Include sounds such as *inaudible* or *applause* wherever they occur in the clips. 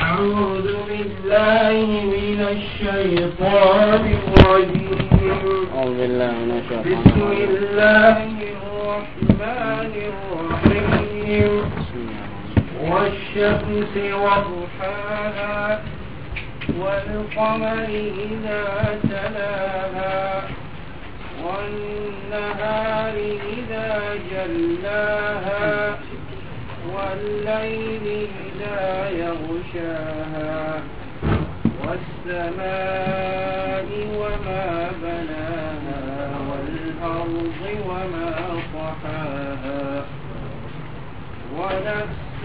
أعوذ بالله من الشيطان الرجيم أعوذ بالله من الشيطان بسم الله الرحمن الرحيم والشمس وضحاها والقمر إذا تلاها والنهار إذا جلاها والليل إذا يغشاها والسماء وما بناها والأرض وما طحاها ونفس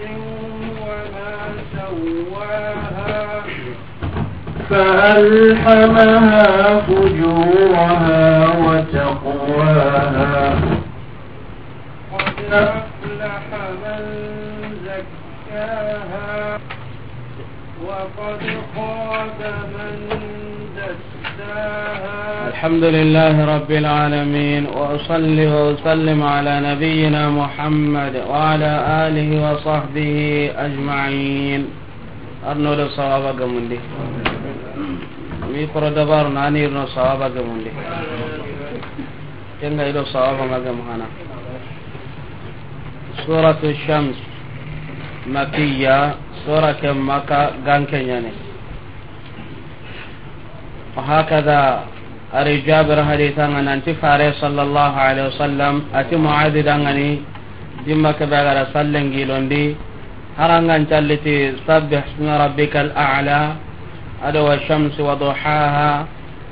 وما سواها فألحمها فجورها وتقواها قد أفلح من دساها وقد خاب من دساها الحمد لله رب العالمين وأصلي وأسلم على نبينا محمد وعلى آله وصحبه أجمعين أرنو لصوابك من دي ميقر دبار ناني صوابك الصواب دي tenga ido الصواب maga mahana سورة الشمس مكية سورة مكة maka يعني وهكذا أري جابر حديثا أن أنت فاري صلى الله عليه وسلم أتي معاذ دعني جمع كبير سلن جيلون دي هران أنت التي سبح اسم ربك الأعلى أدو الشمس وضحاها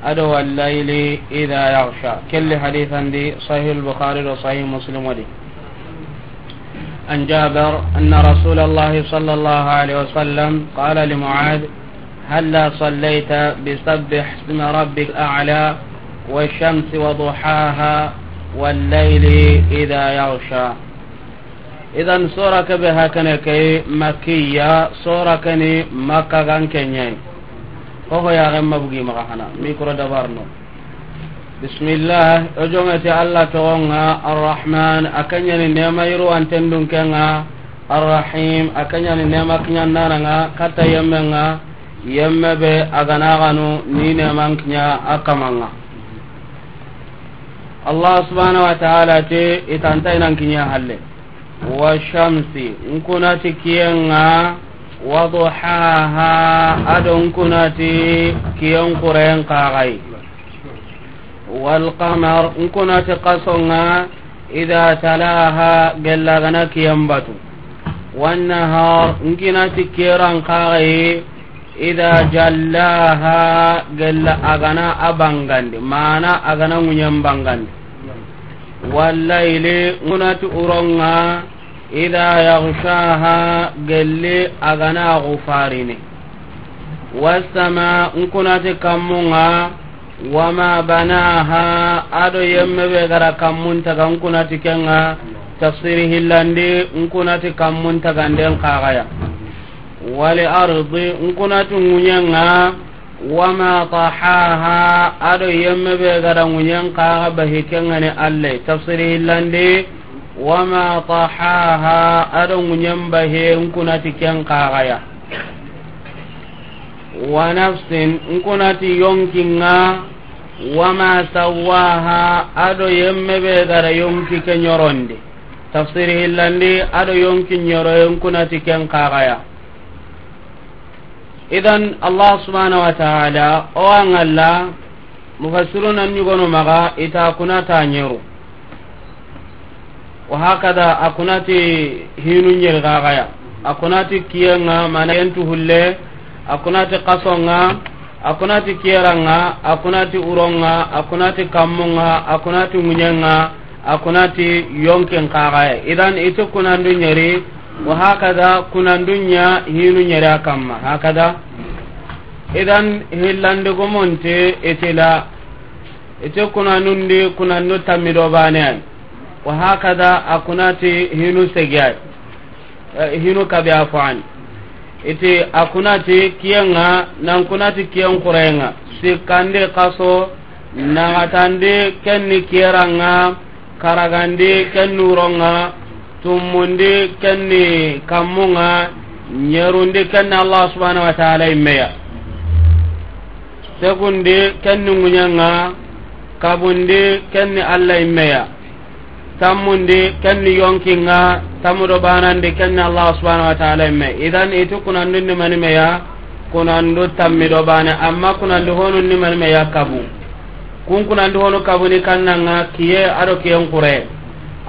أدو الليل إذا يغشى كل حديثا دي صحيح البخاري وصحيح مسلم ودي عن جابر أن رسول الله صلى الله عليه وسلم قال لمعاذ هلا صليت بسبح اسم ربك الأعلى والشمس وضحاها والليل إذا يغشى إذا سورة بها كنكي مكية سورة كني مكة كنكي وهو يا غم مبقي مغحنا ميكرو دبارنو بسم الله أجمع الله تونا الرحمن أكن يعني نعم يرو تندون كنا الرحيم أكن يعني نعم كنا نانا كتا يمنا يمبي به أغنى غنو نين من كنا أكمنا الله سبحانه وتعالى تي إتانتين أن كنا هلا والشمس إن كنت كيانا وضحاها أدون كنت كيان قرين قاعي والقمر نكون تقصنا إذا تلاها قل غنك ينبت والنهار نكنا تكيرا قاغي إذا جلاها قل أغنا أبنغند معنى أغنا منينبنغند والليل نكنا تؤرنا إذا يغشاها قل أغنا غفارني والسماء نكنا تكمنا wama banaha ado yemme be gara kammun taga nkunati kenga tafsiri hillandi nkunati kammun taganden kagaya wali ardi nkunati ŋuñenga wama tahaha ado yemme be gara ŋuñen kaga bahi kengani alle tafsiri hillandi wama tahaha ado ŋuñen bahe nkunati ken kagaya wa nafsin nkunati yonkinga wama sawaha ado yemme be gara yonki ke nyoronde tafsiri hillandi ado yonki nyoro yonkunati ken kagaya idan allah subhanahu wa ta'ala o angalla mufassiruna nyugono maga ita kunata nyoro wa hakada akunati hinu nyel kagaya akunati kiyenga mana yentu hulle akunati kasonga akunati keranga akunati uronga akunati kammunga akunati munyenga akunati yonken kaxaye idan iti kunandu nyeri wa hakada kunandu nya hinu nyeri akamma hakada idan hillandigumonte itila iti kunanundi kunandu tammido banean wa hakada akunati hinu segiyai eh, hinu kabi afoani iti akunati kiyenga nankunati kiyen kurenga sikkandi kaso nagatandi kenni kieranga karagandi ken nuronga tummundi kenni kammunga nyerundi kenni allah subhanahu wa taala immeya segundi kenni ŋuñanga kabundi kenni allah immeya tammundi kenni yonkinga tamudo banandi kenni allah subhanahu wa ta'ala imme idan itu kunandundi manimeya kunandu tammido bane amma kunandi honunni manimeya kabu kun kunandi honu kabuni kannanga kiye ado kiyen kure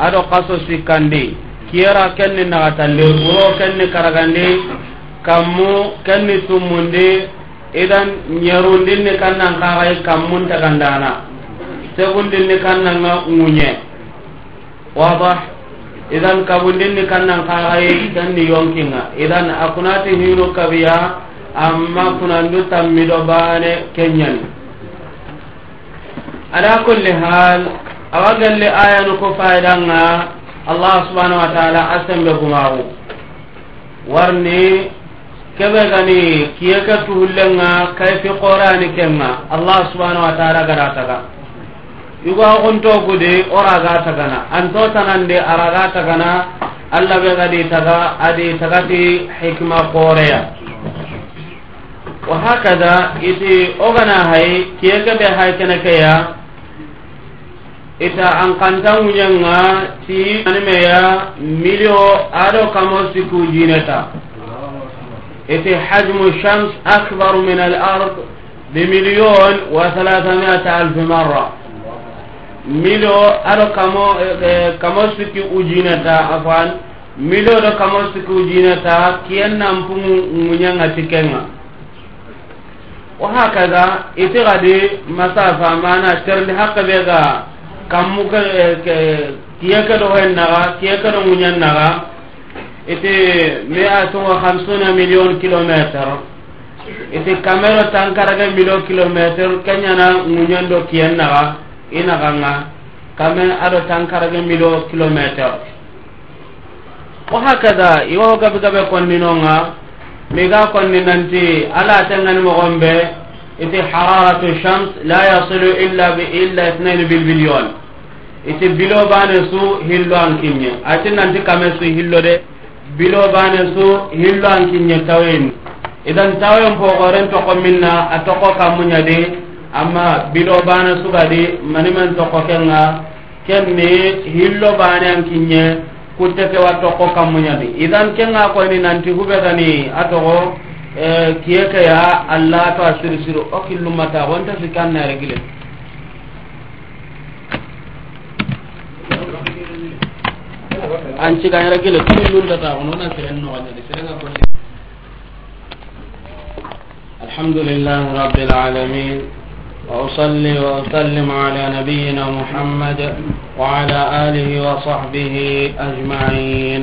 ado kaso sikkandi kiyera kenni nagatalli wuro kenni karagandi kammu kenni tummundi idan nyerundinni kannan kaxay kammuntakandana segundinni kannanga ŋuñe واضح idan kabundinni kannan kaxaye danni yonkinga idan akunati hinu kabiya amma kunandu tammido bane kenyani ala kulli hal awa galli ayanu ku faidanga allah subhanau wa taala asembe gumaxu warni kebe gani kiyeke tuhullenga kayfi qorani kenga allah subhanau wa taala gadataga yuga gonto gudi oraga tagana anto tanande araga tagana allah be gadi taga adi tagati hikma koreya wa hakada iti ogana hay kiyeke be hay kene keya ita an kanta ŋuñanga ti animeya milio ado kamo siku jineta iti hajmu shams akbaru min al ard bimilion wa thalathamiata alfi marra milo aɗo kamo e, e, kamo siki ujinata afan milo ɗo kamo siki ujinata kiyen nampugu guñanga tikkenga o hakaga iti gadi masafa mana terndi hakke ɓega kammu ke e, kiyeke ɗo hen naga kiyeke ɗo guñan naga iti mi atugo hamsuna million kilométre iti camero tankarage milo kilométre keñana guñan ɗo kiyen naga ina ganga kame ado tankarage mido kilometer wa hakaza iwo gabe gabe konninonga miga konni nanti ala tangani mogombe iti hararatu shams la yasilu illa bi illa ithnain bil bilyon iti bilo bane su hillo an kinye ati nanti kame su hillo de bilo bane su hillo an kinye tawen idan tawen pogoren toko minna atoko kamunya de amma bilo bana sugadi mani man tokko kenga ken ni hillo bane an kinye kutte ke wato ko kamunyani idan kenga ko ni nanti hube tani atogo eh, kiyeke ya allah to asiru siru o killumata wonta sikan na regile an ci gañ regile kullundata ono na seren no wadde serenga ko الحمد لله رب العالمين وأصلي وأسلم على نبينا محمد وعلى آله وصحبه أجمعين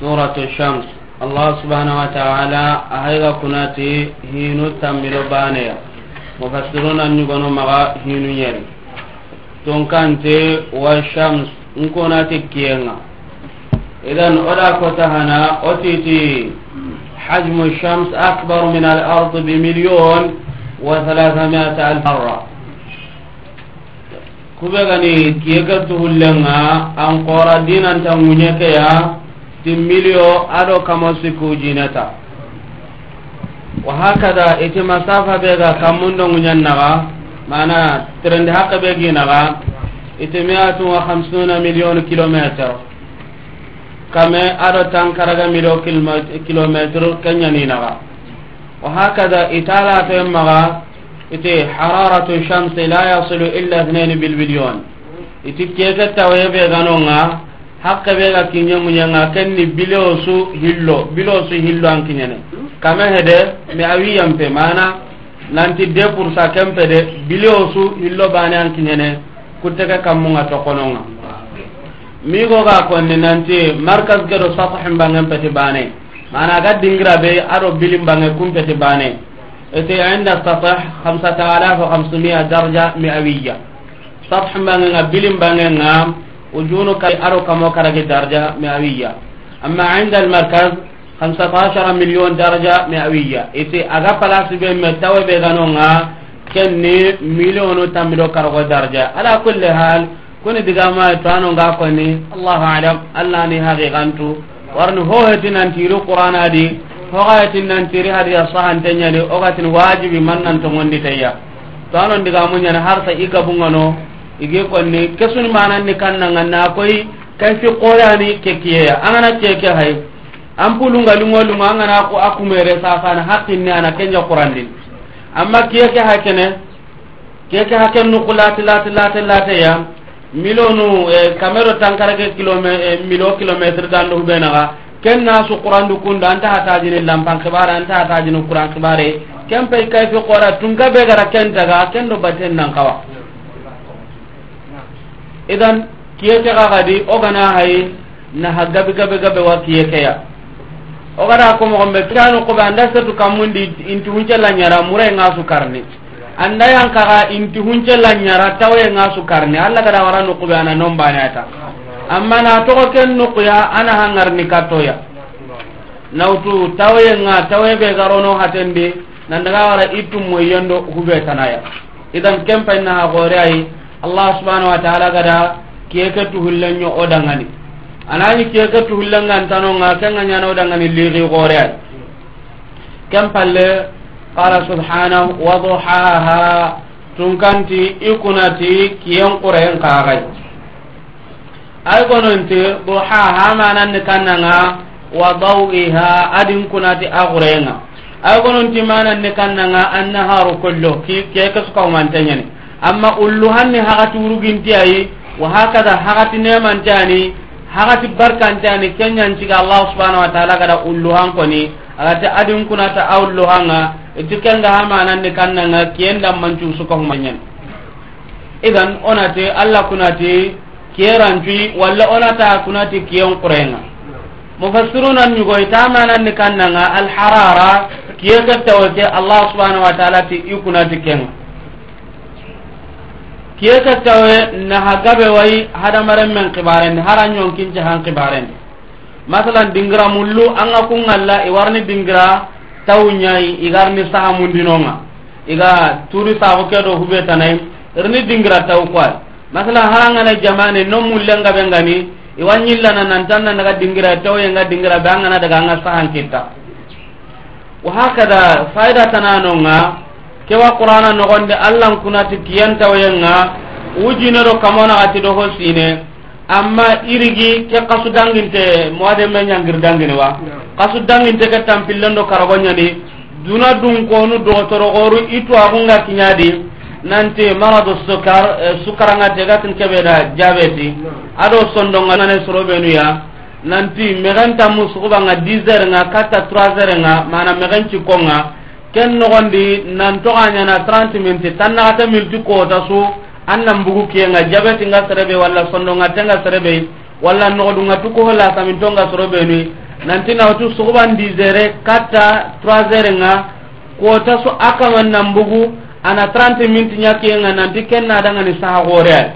سورة الشمس الله سبحانه وتعالى أهيغا كناتي هينو تنبيلو بانيا مفسرون أن يبنوا مغا هينو يري تنكنتي والشمس نكوناتي كينا إذن أولا كتهنا أتيتي حجم الشمس أكبر من الأرض بمليون وثلاثمائة ألف مرة kubegani kiyegatu hullenga an kora dinanta ŋuñekeya ti milio adoo kama siku jineta wahakada iti masafa bega kammundo ŋuñen naga mana trendi hakke be ginaga iti miatu wa hamsuna million kilometre kame ado tankaraga milio kilometre keñaninaga وهكذا إتالا تيمغا إتي حرارة الشمس لا يصل إلا اثنين بالبليون إتي كيف التوية بيغانونغا حق بيغا كينيو مينيغا كني بلوسو هلو بلوسو هلو عن كينيني كما هده مأوي ينفي مانا نانتي دي بورسا كمفي دي بلوسو هلو باني عن كينيني كتك كمونغا تقنونغا ميغوغا كوني نانتي مركز جرو سطح مبانغن فتي باني mana ga dingira be aro bilim bange kumpeti bane ete عند السطح خمسة آلاف وخمسمائة درجة مئوية سطح بانغا بلم بانغا وجونك أرو كمو كرك درجة مئوية أما عند المركز خمسة عشر مليون درجة مئوية إتي أغا بلاس بين متوى بيغانونغا كني مليون تمدو كرغو درجة على كل حال كوني دقاما يتوانونغا كوني الله أعلم ألا نهاغي غانتو warni hoheti nantiri qurana di hoayeti nantiri hadiya sahante ñani ogatin wajibi mannantongondi teya to anon digamuñani harsa i gabungano igi konni kesuni mananni kannanga na koy kay fi qoyani kekkiyeya angana keke hay an pulunga lungolunga angana a kumere sasani hakkinni ana kenja qurandin amma kiyeke hakene kiyeke hakke nukulatilatilatilateya lati, lati, milonu camero eh, tankarake eh, milo kilométre dandu ɓenaxa ken nasu qurandu kundu anta hatajini lampan xibare anta hatajini quran xibare ken pay kayfi qora tunga ɓegara kentaga ken do baten nan kawa idan kiyekexa xadi ogana hay naxa gabi gabe gabe wa kiyekeya ogada komoxonɓe kano koɓe anda setu kammundi intiwuncela ñara murenga sukarni anda yang kaga inti hunce lanyara tawe ngasu karne Allah kada wara nukubi ana nomba ta amma na toko ken nukuya ana hangar nikatoya nautu tawe nga tawe be garono hatende nandaga wara itum mo yendo hube tanaya idan kempa na gore ai Allah subhanahu wa ta'ala kada kiyeke tuhulle nyo odangani anani kiyeke tuhulle ngantano nga kenganyana odangani liri gore ai kempa le qala subhanahu wa duhaha tunkanti ikunati kiyen qurayen kagai ay gononti duhaha manan kannanga wa dawiha adin kunati agurenga ay gononti manan kannanga annaharu kullu ki ke kasuka mantanyani amma ullu hanni hakati wuruginti ayi wa hakada hakati nemantani hakati barkantani kenyanci ga allah subhanahu wa ta'ala gada ullu hankoni agati adin kunata a hanga itu hamaa ha manan ne kanna nga kenda mancu su ko manyen idan onate alla kunati kieranci walla onata kunati kiyon qurenga mufassiruna nyugo itamanan ne kanna nga al harara kiye allah subhanahu wa ta'ala ti ikunati kenga kiye kattawe na hagabe wai hada maran men kibaren haranyon kinja han kibaren masalan dingira mullu anga kungalla iwarni dingiraa taw ñayi igarni saxamundinonga iga turi saxu ke do huɓetanayi erni dingira taw koy masala harangana jamane no mullengaɓe ngani iwa ñillana nantanna naga dingira tawyenga dingira ɓe angana daga anga saxankitta wa hakada faida tananonga kewa qurana nogonde allahnkunati kiyantawyenga wujinero kamonaxati doho sine amma irigi ke kasu danginte moade me ñangir dangini wa kasu danginte ke tampillendo karagoñani duna dun konu dotoro oru itwakunga kiñadi nanti marado sukar eh, sukaragate gatin keɓeda jabeti aɗo sondoganane soroɓenu ya nanti mexentamu sukuɓanga 10 heure nga katta 3 heure nga mana mexen cikkonga ken nogondi nantoxañana 30 minute tannaxate minute kootasu anna mbugu kienga jabeti nga serebe walla sondo nga tenga serebe walla nodu nga tuko hola samin tonga serebe ni nanti na tu soban dizere kata 3 heures nga ko ta so aka man nambugu ana 30 minti nya kienga nanti ken na danga ni sa gore ay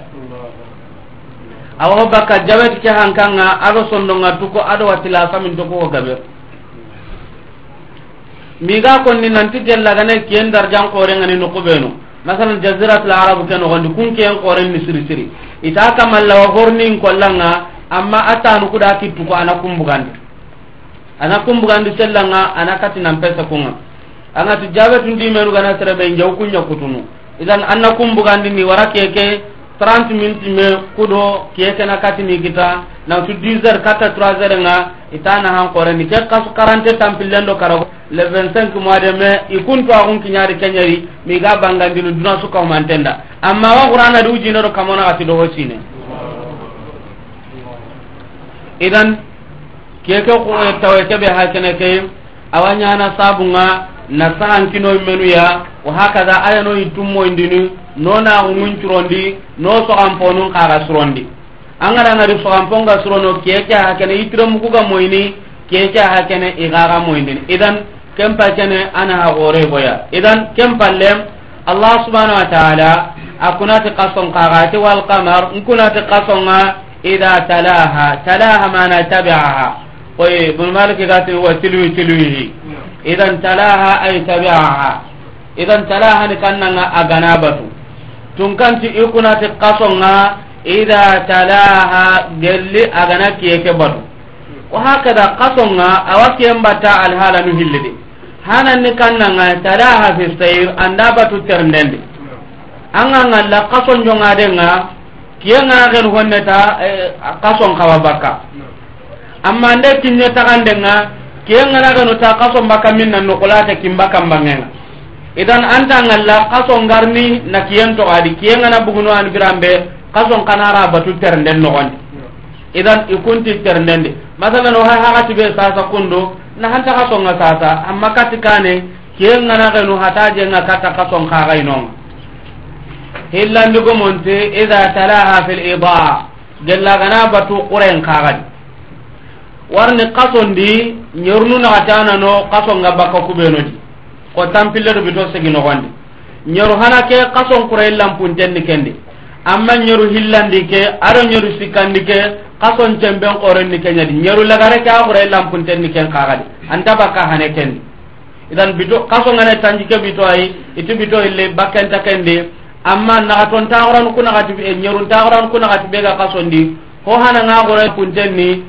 awo baka jabeti ke hankanga ado sondo nga tuko ado watila samin tuko ho gabe miga konni nanti gella gane kien darjan kore nga ni nukubenu no masalan jaziratul arabu ken gondi kunken qorenni siri siri ita kamalla wa gornin kollanga amma atanu kuda kittu ko ana kumbugandi ana kumbugandi sellanga ana kati nan pesa kunga ana tu jabatu ndi menu gana tere be njaw kunya kutunu idan anna kumbugandi ni warakeke 30 minutes me kudo kiyeke na kati ni kita nantu 10 heures kata 3 heures nga itana han kore ni ke kasu 40 tampilendo karo le 25 mois de mai ikun to akun kinyari kenyari mi ga banga dilu duna suka mantenda amma wa qur'ana du jina ro kamona ati do hosine idan ke ke ko tawe ke be ha kene ke awanya na sabunga na san kino menu ya wa haka da ayano itum mo indinu nona ngun turondi no so amponun kara surondi angara ngari sogamponga surono keke hakene itiro mukuga moyini keke hakene igara moyini idan kem pacene ana ha gore boya idan kem pallem allah subhanahu wa ta'ala akunati qason qagati wal qamar nkunati qasonga ida talaha talaha mana tabi'aha oy ibn malik gati wa tilwi tilwi idan talaha ay tabaha idan talaha ni kannanga agana batu tunkanti ikunati qasonga ida talaha gelli agana kiyeke batu ko hakada kasonga awa kiyen batta alhala nu hillidi hananni kannanga talaha fi sair anda batu terndendi anga ngalla kason jongadenga kiyenga gen honneta kason kawa bakka amma nde kinye tagandenga kiyenga gen uta kason bakka minna nukulate kimbaka mbangenga idan anta ngalla kason garni na kiyen to adi kiyenga na bugunu anbirambe kason kanara batu ternden nogondi idan ikunti ternende masalan oha hakatibe sasa kundu nahanta kasonga sasa amma katikane kiyenganakenu hatajenga kata kason kakainonga hillandigomonte ida talaha fi lidaa gellagana batu kuren kakadi warni kasondi nyernu nakatanano kasonga baka kubenodi ko tampilledo bito segi nogondi nyeru hanake kason kure illampuntenni kendi amma ñeru hillandi ke aɗo ñeru sikkandi ke kasoncen ɓen qorenni keñadi ñeru lagare ke axuray lampuntenni ken kaxadi anta bakka hane kendi idan bito kasongane tanji ke bito ayi iti bito ille bakkenta kendi amma naxaton taxuranku naxati ñerun taxuranku naxati ɓega kasondi ko hananga xuray puntenni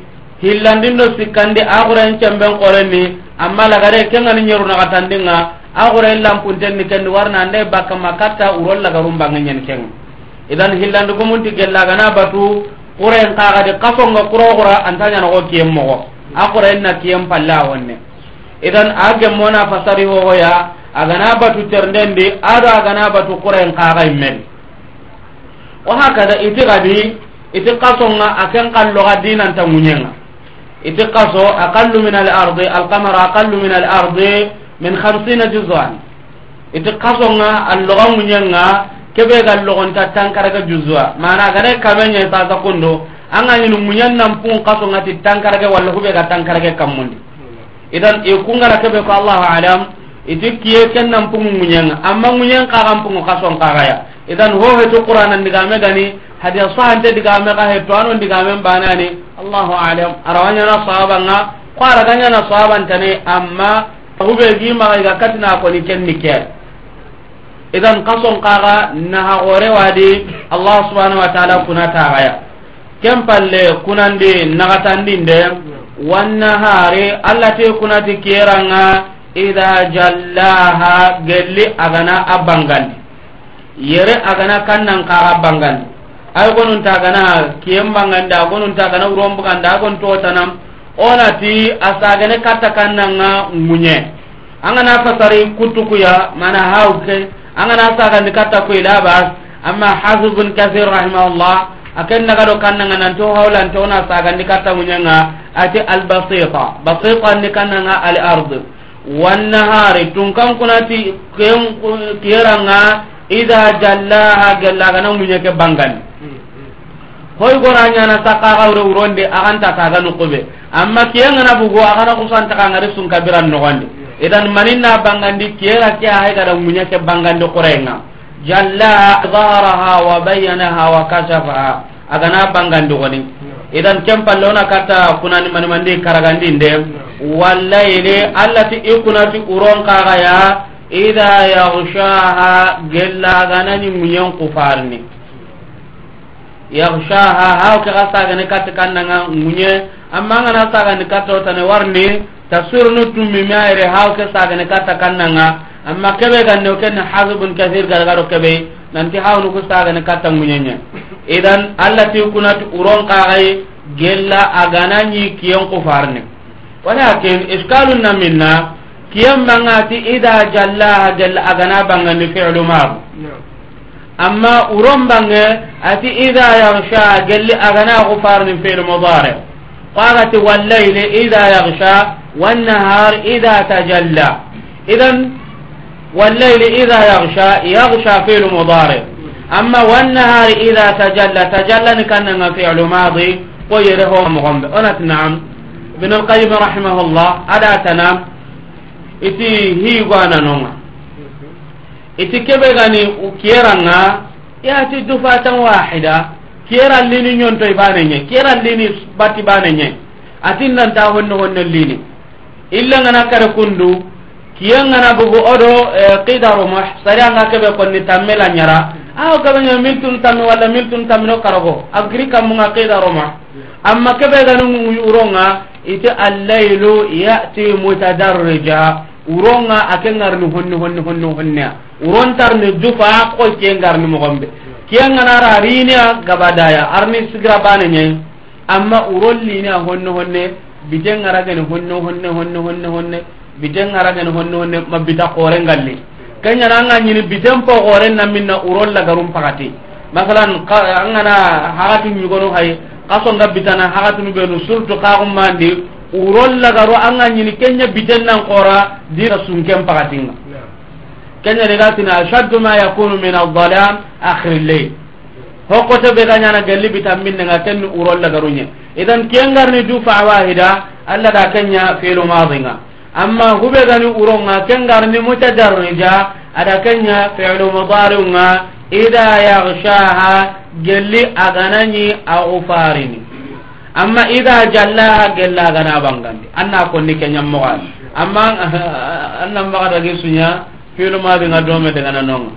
hillandin ɗo sikkandi axurayen cemɓen qorenni amma lagare kengani ñeru naxatandinga axurayen lampuntenni kendi warna andaye bakka ma katta urol lagarumbange ñen kenga idan hillandi gumunti gellagana batu kuren kagadi kafonga kuro kura antanyana ko kiyem mogo a kuren na kiyem palla wonne idan age mona fasari hoho ya agana batu terndendi ado agana batu kuren kagai men wa hakada iti gadi iti kasonga aken kallo gadina anta munyenga iti kaso aqallu min al ardi al qamar aqallu min al ardi min 50 juz'an iti kasonga al lugha munyenga kebe ga logonta tankara ga juzwa mana ga dai kamenya ta ta kondo an ga nyinu munyan nan pun kaso ngati tankara ga wallahu be ga tankara ga kamundi idan e kungara kebe ko allah alam itu kiye ken nan pun munyan amma munyan ka kan pun kaso ngara ya idan ho he to qur'an an diga me gani hadiya sahan te diga me ga he to anon diga me banani allah alam arawanya na sahaba nga qara ganya na sahaba tane amma hubegi ma ga katina ko ni ken ni ken egan kason kaga naha gore wadi allah subhanahu wa taala kuna tagaya ken palle kunandi nagatandinde wannahari allate kunati keranga ida jallaha gelli agana a bangandi yere agana kannan kaga bangandi ay gonunta gana kiyen bangandi a gonunta gana wurombuganda a gontotanam onati asagene katta kannanga munye angana fasari kutukuya mana hawke angana sagandi katta koy labas amma hasubun kasir rahimahullah aken nagaɗo kannaga nanti o hawlanti ona sagandi katta muñanga ati albasita basita ni kannaga al ard wannahari tun kankunati kiranga ida jallaha gellagana muñake bangani hoy gora ñana sakkakawre wuronde aganta saga nukuɓe amma kiyengana bugo agana kusantakangari sunkabiran nogondi mm. idan manin na bangandi kera ke ay e gara munya ke bangandi qurayna jalla zaraha wa bayyanaha wa kashafa agana bangandi goni idan kem pallona kata kunani mani mandi karagandi inde wallayli allati ikunati uron kaga ya ida yaghshaha gella ganani munyon kufarni yaghshaha hawka gasa gani katikannga munye amma ngana sagani katotane warni tafsir nu tummi mi ayre haw ke katta kannanga amma kebe ganne ken hazbun kathir gara garo kebe nanti haw nu kusagane katta munyenya idan allati kunat uron qaay gella agananyi kiyon kufarne walakin iskalun na minna uron bange ati والنهار إذا تجلى إذا والليل إذا يغشى يغشى فعل مضارع أما والنهار إذا تجلى تجلى كان نعم فعل ماضي ويره مغمب أنا نعم ابن القيم رحمه الله ألا تنام إتي هي وانا نوما إتي كبغاني وكيرانا يأتي دفعة واحدة كيرا ليني نيون توي بانيني كيرا ليني باتي بانيني أتين لن تاهن هن illa ngana kare kundu kiya ngana bugu odo e, qidaru mah sari anga kebe konni tamme la nyara aw kabe nya miltun tamme wala miltun tamme no karogo agri kam nga qidaru mah amma kebe ganu uronga ite allailu yati mutadarrija uronga akengar ni honni honni honni honnya uron tar ni jufa ko kengar ni mogombe kiya ngana rarinya gabadaya arni sigra bane nya amma uron linya honni honni bite ngaragene honne honne honne honne honne bite ngaragene honne honne ma bita kore ngalli kenyana anga nyini bite mpo kore na minna urol la garum pakati masalan anga na hakati nyugono hai kaso nga bita na hakati nubenu surtu kakum mandi urol la garu anga nyini kenya bite na nkora dira sunke mpakati nga kenya regatina ashadu ma yakunu min al-dhalam akhiri lay hokote be ganyana gelli bita minna nga kenu urol la garu nyini idan kengarni du fawahida allah da kenya filu madinga amma hube gani uronga kengarni mutajarrija ada kenya filu mudarunga ida yaghshaha gelli agananyi au farini amma ida jallaha gella gana bangandi anna konni kenya moga amma *laughs* anna maga da gisunya filu madinga dome de gana nonga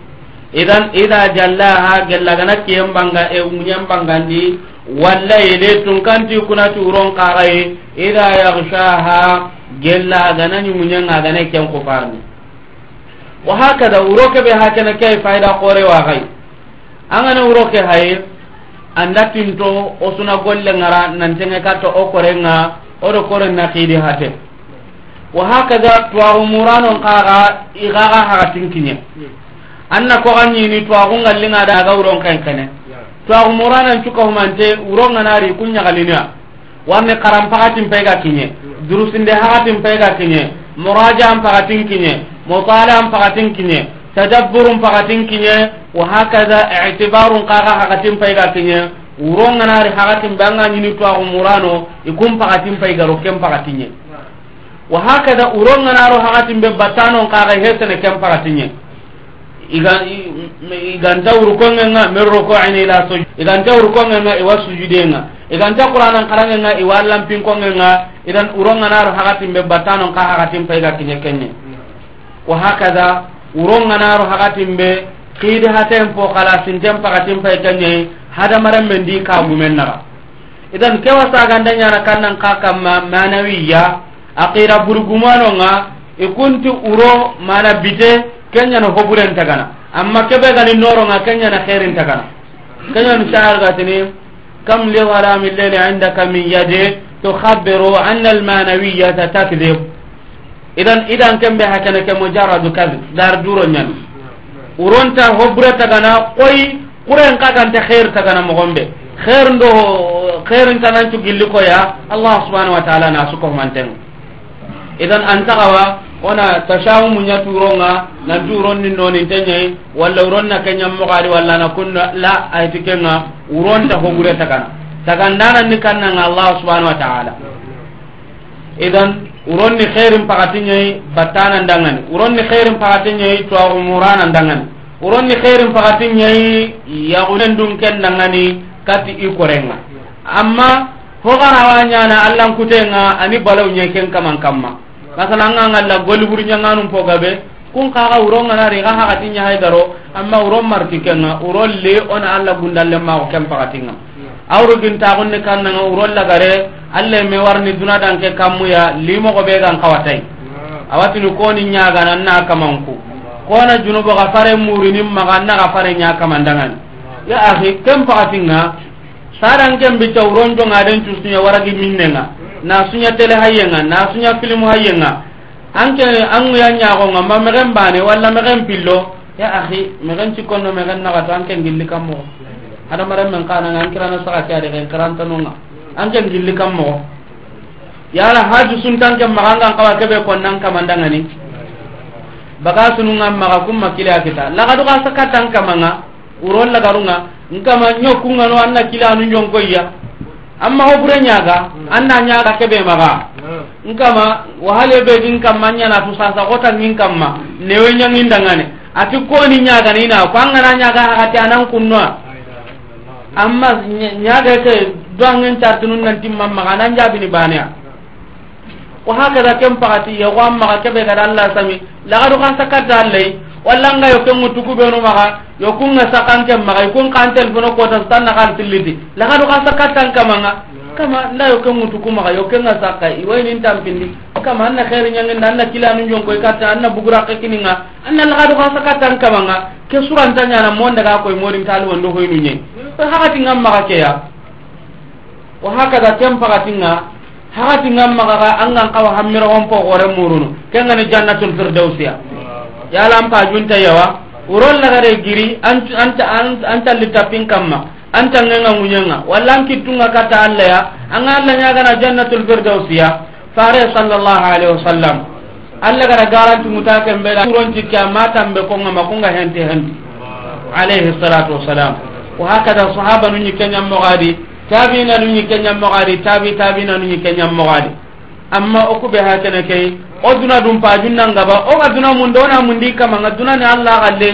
idan ida jallaha gella gana kiyambanga e unyambangandi wallayli tun kanti kunati uron kaxayi ida yagshaha gella aganani muñanga agane ken kufani wa hakada wuro keɓe ha kene ke fayda korewa xay angane wuro ke hay anda tinto o suna golle ngara nantenge katta o korenga oɗo kore na xiidi hate wa hakada twaxu muranon kaxa ixaxa haxa kinya anna koxa ñini twaxu ngallinga daga uron ken kanen tuwaku moranan cuka humante wuro nga nari kun nyakalinya warne karam pakatin pega kinye durusinde hakatin pega kinye muraja am pakatin kinye mutala am pakatin kinye tadabbur am pakatin kinye wa hakaza i'tibaru qaga hakatin pega kinye wuro nga nari hakatin banga nyini tuwaku murano ikun pakatin pega rokem pakatinye wa hakaza wuro nga naro hakatin be batano qaga hesene kem pakatinye iganta wuru konge nga mer roko aina ila so iganta wuru konge nga iwa sujude nga iganta qur'an an qaranga nga iwa lampin konge nga idan uronga naru hagatin be batanon ka hagatin pe ga kinye kenne wa hakaza uronga naru hagatin be qida hatem po kala sintem pagatin pe kenne hada maram mendi ka gumenna ba idan kewa sa ganda nyara kannan ka kamma manawiya aqira burgumano nga ikunti uro mana bide kenya no hoburen tagana amma kebe gani noro nga kenya na khairin tagana kenya no sha'ar gatini kam li gharam al-layli 'indaka min yadi tukhabiru 'anna al-manawiyyata takdhib idan idan kam be hakana ke mujarrad kadhib dar duro nyan uronta hobure tagana koi kuren ka kan ta khair tagana mo gombe khair ndo khair tanan tu gilli ko ya allah subhanahu wa ta'ala na su ko manten idan antagawa wona tashawu mu ña turonga nan turonni noninte ñayi walla uronna ke ñammoxaadi walla na kunna la ayti kenga uronta hogure tagana tagandananni kannanga allahu subhanau wa taala idan uronni xeerin pakati ñayi battanandangani uronni xeerin pakati ñayi twaru muranandangani uronni xeerin pakati ñayi yaxunen dun ken dangani kati i korenga amma hoxanawa ñana allankutenga ani balawñai ken kaman kamma masala nga nga la golli buri nya nganu po gabe kun ka ga uro nga na ri ga ha ga tinya hay daro amma uro marti ken nga uro le on alla gundal le ma ko kem pa gatinga awro ginta gon ne kan nga uro la gare alle me warni duna dan ke kamu ya limo ko be gan kawatai ah. awati nu koni nya ga nan na kamanku ko na junubo ga fare muri nim ma ga na ga fare nya kamandangan ah. ya akhi kem pa gatinga sarang kem bi tawron jo ngaden tusnya waragi minnenga yeah. na suña télé hayenga na suña film hayenga anke anu ya nyaago nga ma megen bane wala megen pillo ya akhi megen ci konno megen na gata anke ngilli kammo ada maram men kana nga ankira na saka ya de ngi karanta no nga anke ngilli kammo ya la haju sun tanke ma nga nga kebe kon nang kamanda ngani baga sunu nga ma ka kum makile akita la ga duka saka tanka manga urol la garunga nga ma nyokunga no anna kila anu nyongko iya amma ho bure ñaga mm. anna ñaga keɓe maga mm. nkama wahale ɓe ɗin kam ma ñanatu sasa xota ngin kam ma newe ñangindangane ati koni ñagana ina ko angana ñaga axati anan kunnoa amma ñaga ke doangen tartinu nantimman maga anan njaɓini baneya wahakada ken paxati yego an maga keɓe gada allah sami lagaɗu xan sakadda allay walla nga yo kengu tukubenu maxa yo kunga sakanken maxa i kun kanten fono kotan tan naxan tilliti lakadu xa sakatan kamanga kama nda yo kengu tuku maxa yo kenga sakka i wayni ntampindi kama anna xeeri ñangenda anna kilanu njonkoy katta anna bugura ke kininga anna lakadu xa sakatan kamanga ke suranta ñana mondaga koy modin tali wondo hoynu ñe xaxatingam maxa keya wa hakada ken paxatinga xaxatingam maxaxa angan xawa xammiroxon po xoore murunu kengani jannatun firdausiya yalan junta yawa uron gare giri anta littafin kamma anta ngenga munyanga walla an kata alla ya anga nya gana jannatul firdausiya fare sallallahu alaihi wasallam allah gara garanti muta kembela uron cikki ko ngama ko nga henti henti alaihi salatu wasalam wa hakada sahaba nu ñikkeñammogadi tabiina kenya mogadi tabi tabiina kenya mogadi amma okube hakana kay o duna dum pa junna ngaba o ga duna mun dona mun di kama ga duna ni Allah galle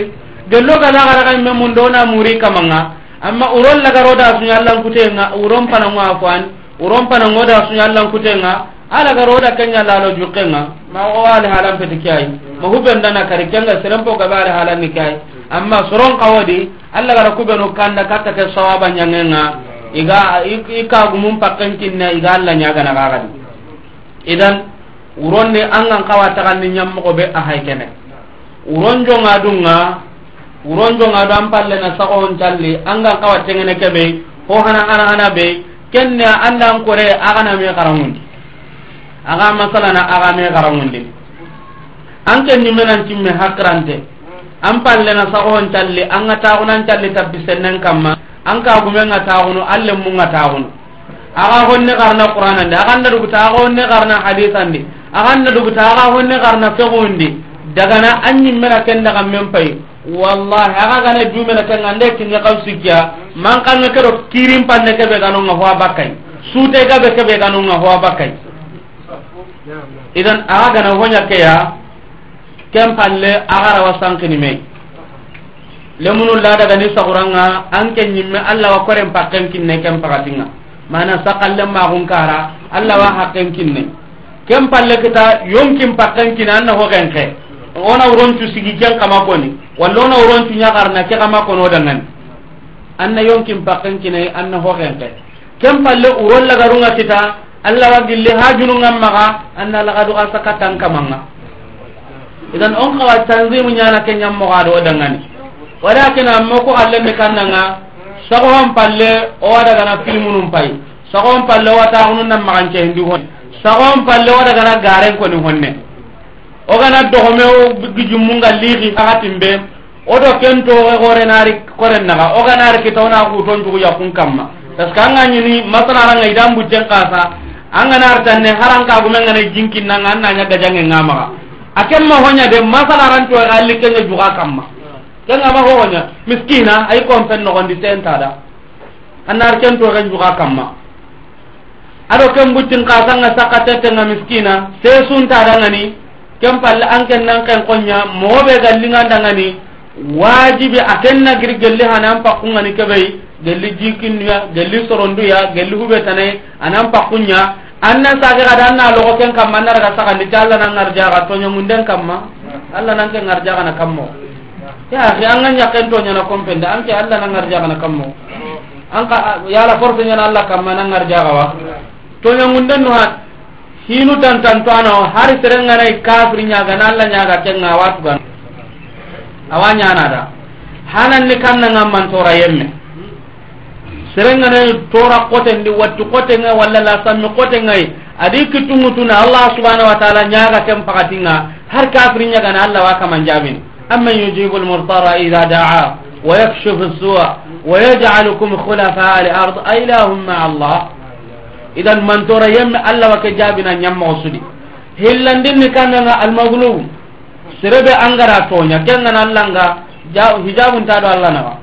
gello ga la gara ga me mun dona muri kama ga amma urol la gara da sunya Allah kute nga urom pana mu afwan urom pana ngoda sunya Allah kute nga ala gara da kenya la lo juqe nga ma o wale halan pete kai ma hubben dana kare kenga serempo ga bare halan ni kai amma soron kawadi Allah gara kube no kanda katta ke sawaba nyangenga iga ika gumun pakkan kinna iga Allah nyaga na gara idan an angan kawa taganni ñammogo be ahay kene uronjonga dunga uronjonga do an pallena sagohon calli angan kawa tengene kebe ho hana hana hana be kenne andan kore agana me karangundi aga masalana aga me karangundi an kenni menan timme hakrante an na sagohon calli an ga tagunan calli sennen kamma an kagumen ga tagunu allen mun ga tagunu aga honne garna qur'anande aganda duguta aga honne garna hadisandi axanna duguta axa honne xarna fexundi dagana a ñimmena ken ndaxa men pay wallahi axa gana jumena kenga nde kinge xaw sikkia man xanga kedo kirim panne keɓe ganonga fowa bakkay suute gaɓe keɓe ganonga fowa bakkay idan axa gana foñakeya ken palle axa rawa sankini me lemunu la daga ni saxuranga an ke ñimme allawa koren paken kinne ken paxatinga mana saqallen maxun kara allawa xaken kinne ken pallekita yonkin pakkenkini an na hokenke wona wuroncu sigi ken kamakoni walla wona wuroncu ñakarna ke kamakoni wodangani an na yonkin pakkenkinai an na hokenke ken palle urollagarunga kita allah wa gille ha junungan maga an na lagadu a sakatan kamanga idan on kawa tanzimu ñana ke ñammogado wodangani walakin amma ko allende kannanga sagohon palle o wadagana filmunum pay sagohon palle o watagununnan magancehindi honi sagon palle wa dagana garen koni honne o gana dohome o gijimmunga liki hahatin be o do ken toxe xorenari koren naga o ganari kitauna xuton cugu yakun kamma parce que anga ñini masanaranga idan bucen kasa anganartanne harankagumengana jinkinnanga an naña gajange nga maxa a ken ma hoña de masanaran toxexa li kenge juga kamma kenga ma ho hoña miskina ay compen noxondi sentada anar ken toxen juga kamma ado ken buccin kasanga sakatetenga miskina se suntadangani ken palle an ken nan ken konya mogoɓe gallingandangani wajibi a ken nagiri gelli hana an pakkungani keɓey gelli jikinnuya gelli soronduya gelli huɓetanayi anan pakkunya an nan kada an na logo ken kamma an naraga sakandi te allah nan kamma allah nan ken arjagana kammo ya axi ya, an ya na ñaken toñana compende anke allah nan arjagana kammo an ka yala force ñana allah kamma nan arjagawa toñagunden nu han hinu tantantoano har serenganai kafri ñagana allah ñaga kenga awatugan awa ñanada hananni kamnanga mantora yemme serenganai tora kotendi watti kotenga walla lasammi kotengai adi kittugutuna allah subhanau wa taala ñaga ken pakatinga har kafri ñagana allah wa kaman jamin aman yujibu lmurtara ida daa wayakshifu lsuwa wayajalukum khulafaa lard ailahum maa allah idan mantora yemme allah wake jaɓina ñammoxo suɗi hillandinni kangaga almaglub serebe angara toña kengana allahnga hijabunta ɗo allah nawa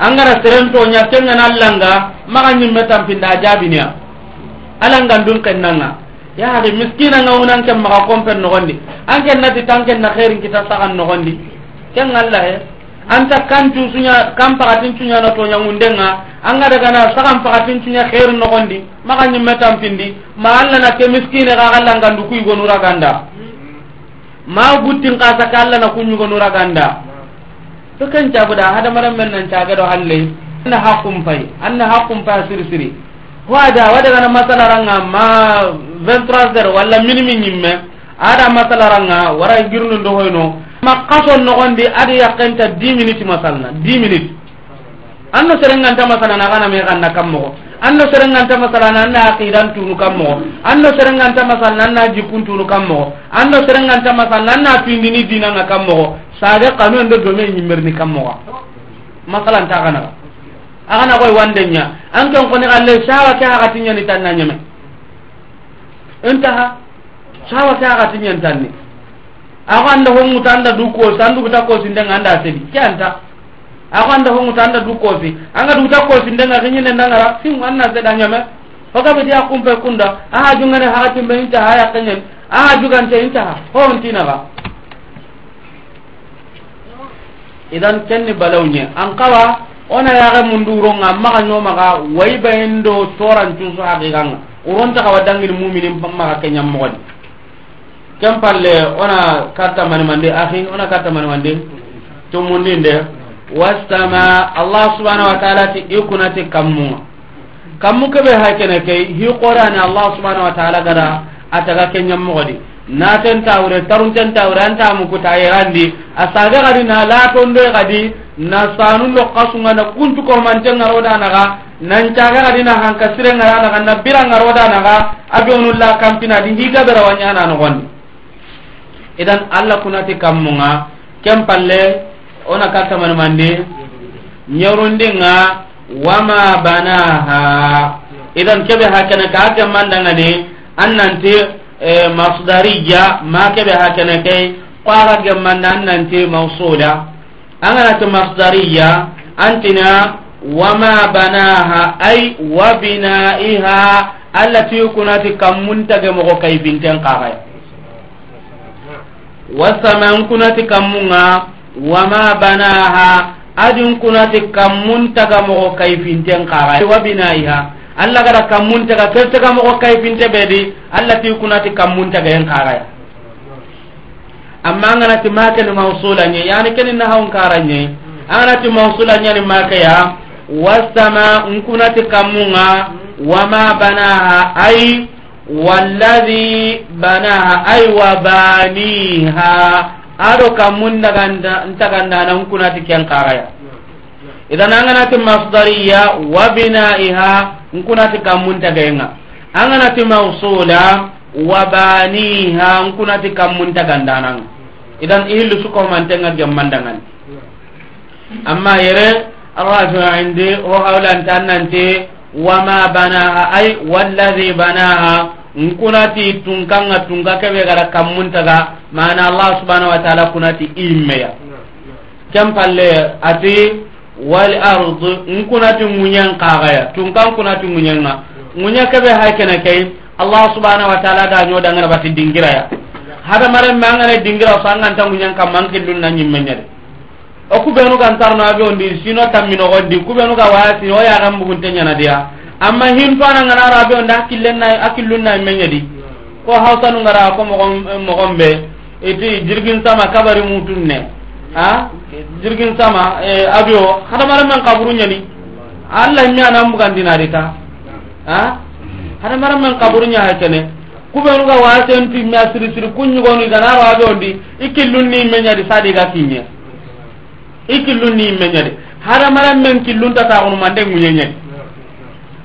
angara seren toña kengana allahnga maxa ñimme tampinɗa jaɓiniya alangandun kennanga yaxaxi miskinanga un an ken maxa compen noxondi an kennati tan kenna xerin kita saxan noxondi kenga allahe eh? anta kantu suña kam pakatin cuñana toñagundenga anga dagana sakam pakatin cuña xeeru noxondi maxa ñimme tampindi ma alla na ke miskine ka xallangandu kuyugonuraganda ma guttin kasa ke alla na kuñugonuraganda to ken caguda hadamaren men nan cagedo halle anna hakkum pay anna hakkum pay a siri siri ho ada wa dagana masalaranga ma vingt trois heures walla minimi ñimme aɗa masalaranga wara girnu ndoxoyno ma kason nogondi ada yakenta di minutes masalna di minutes anno serenganta masala na kana me kanna kammo anno serenganta masala na na aqidan tunu kammo anno serenganta masala na na jikun tunu kammo anno serenganta masala na na tindini dinanga kammo saga kanu ndo do me nyimmerni kammo masala ta kana agana koy wandenya an kan koni alle sawa ke ha katinya ni tanna nyame entaha sawa ke ha katinya ni ako anda honguta anda dukkoosi an duguta koosi ndenga anda seɗi ke anta ako anda honguta anda dukkoosi anga duguta koosi ndenga xiñine ndangara fim anna seɗa ñame fogabeti a kumpe kunda aha jungane haxa cimbe incaxa yaqeñen aha jugante incaxa hoontinaxa idan kenni balawñe an kawa ona yaxe munduronga maxa ñomaxa wayibayen do sorancunsu xaqiganga urontaxawa dangin muminin maxa keñammoxoni ken palle ona karta manimandi ahi ona karta manimandi tumundin de wasama allah subhanahu wa taala ti ikunati kammuga kammu keɓe hay kene key hiqore ani allah subhanahu wa taala gara a taga kenñammogodi naten tawre tarunten tawre antamukuta yerandi a sage gadi na latonde gadi na sanu lokkasugana guntukomante garodanaga nancage gadi na hanka sirengaranaga na birangarodanaga a jonulla kampinadi higaɓerawañananogondi idan allah kunati kammunga ken palle ona kattamani mandi ñerundinga wama banaha idan keɓe ha kene ka kemmandangani an nanti e, masdarija ma keɓe ha kene ke kwara gemmanda an nanti mausula a ganati masdariya antina wama banaha ay wa binaiha allati kunati kammuntage mogo kay binten kaxaya wasama nkunati kammunga wama banaha adi nkunati kammun taga mogo kayfinte nkara wa binaiha allah gara kammun taga ker taga mogo kayfinte bedi allah ti kunati kammun taga en karaya amma anganati makeni mausulanye yani keni naha nkaranye anganati mausulanyani makeya wasama nkunati kammunga wama banaha ai wallahi banaha aywa baniha aɗo kammu ntagandanan kunati kenkaraya idan anganati masdariya wa binaiha nkunati kammu ntagayenga anganati mausula wa baniha nkunati kammu ntagandanan idan ihillu sukahumantenga gemmandangani amma yere arrajo indi ho hawlanti annanti wama banaha ay wallazi banaha nkunati tunkanga tunga kebe gara kammuntaga mana allah subhanahu wa ta'ala kunati immeya kem palle ati wal ardu nkunati munyan kagaya tunkan kunati na munya kebe haykena kay allah subhanahu wa ta'ala da da ngara bati dingira ya hada mare mangare dingira sangan tangunyan kamangkin dun nanyimmenyade o kubenuga ntarno avion di sino tamminogo di kubenuga wayasini o yagan bugunte ñanadiya amma hintoanangaara avion di akillena akillunnai meñadi ko hausanungara ko mogon ɓe iti jirgin sama kabari mutun ne a jirgin sama e, avio hadamaramen kaburu ñani allah mianan bugandinadita a hadamaramen kaburu ñaha kene kubenuga wayasentimmea sirisiri kunñugonu iganaro avion di ikillunni meñadi sadiga kinñe i killunni immeñadi haramaran men killuntataxunumande guñeñadi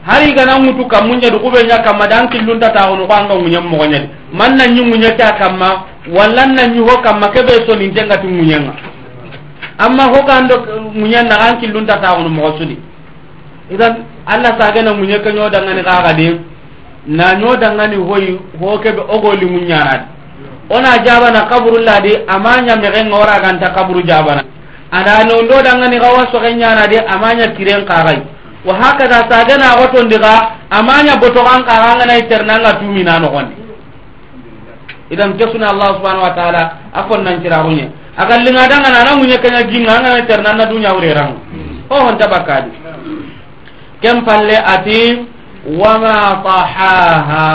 har igana ŋutu kammuñadi xuɓeña kamma dan killuntataxunu xo anga guñen moxoñadi man na ñi guñeta kamma walla na ñiho kamma keɓe soninteŋgati guñenga amma hokando guñen na xan killuntataxunu moxo suni idan allah sagena guñe ke ñodangani xaxadi na ñodangani hoyi ho keɓe ogoli guñanadi ona jabana kaburu ladi ama ñamexenga woraganta kaburu jabana ana nondo dangani ga wa soxe ñanadi amaña kiren kaxay wa hakada sagenaxotondixa amaña botoxan kaxanganay ternanga tumina noxondi idan kesuna allah subhanau wa taala a konnanciraxuñe a gallinga dangana ana ŋuñe kenga ginga angana ternanna duñawurerangu ohonta oh, bakkadi ken palle ati wama taxaha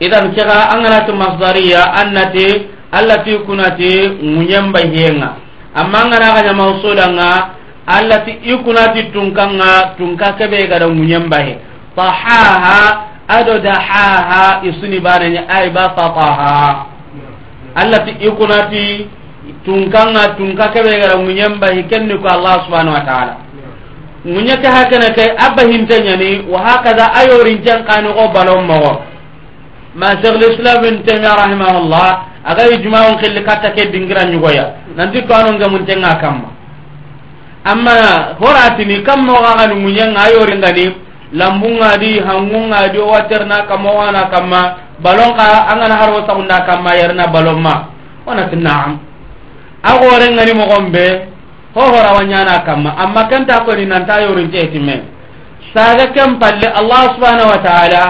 idan kexa anganati masdariya annati allati kunati ŋuñen bayhenga amma ngana ka nyama usoda nga alla ti ikuna ti tungka nga tungka kebe gada munyamba he tahaha ado dahaha isuni bana nya ay ba fataha alla ti ikuna ti tungka nga tungka kebe gada munyamba he kenni ko allah subhanahu wa taala munyaka hakana kai abba hinta nya ni wa hakaza ayo rinjan kanu obalo mawo ma shaykhul islam ibn taymiyyah rahimahullah agayi jumawon xilli katta ke dingira ñugoya nanti kanongemuntenga kamma amma horatini kam moxaxani muñenga yoringani lambungadi hangungadi o waterna kamma owana kamma balon ka angana har wo sagunda kamma yerna balon ma onati naam a xorengani moxon be ho horawañana kamma amma kenta koni nanta yorinteti me saga ken palle allah subhanau wa taala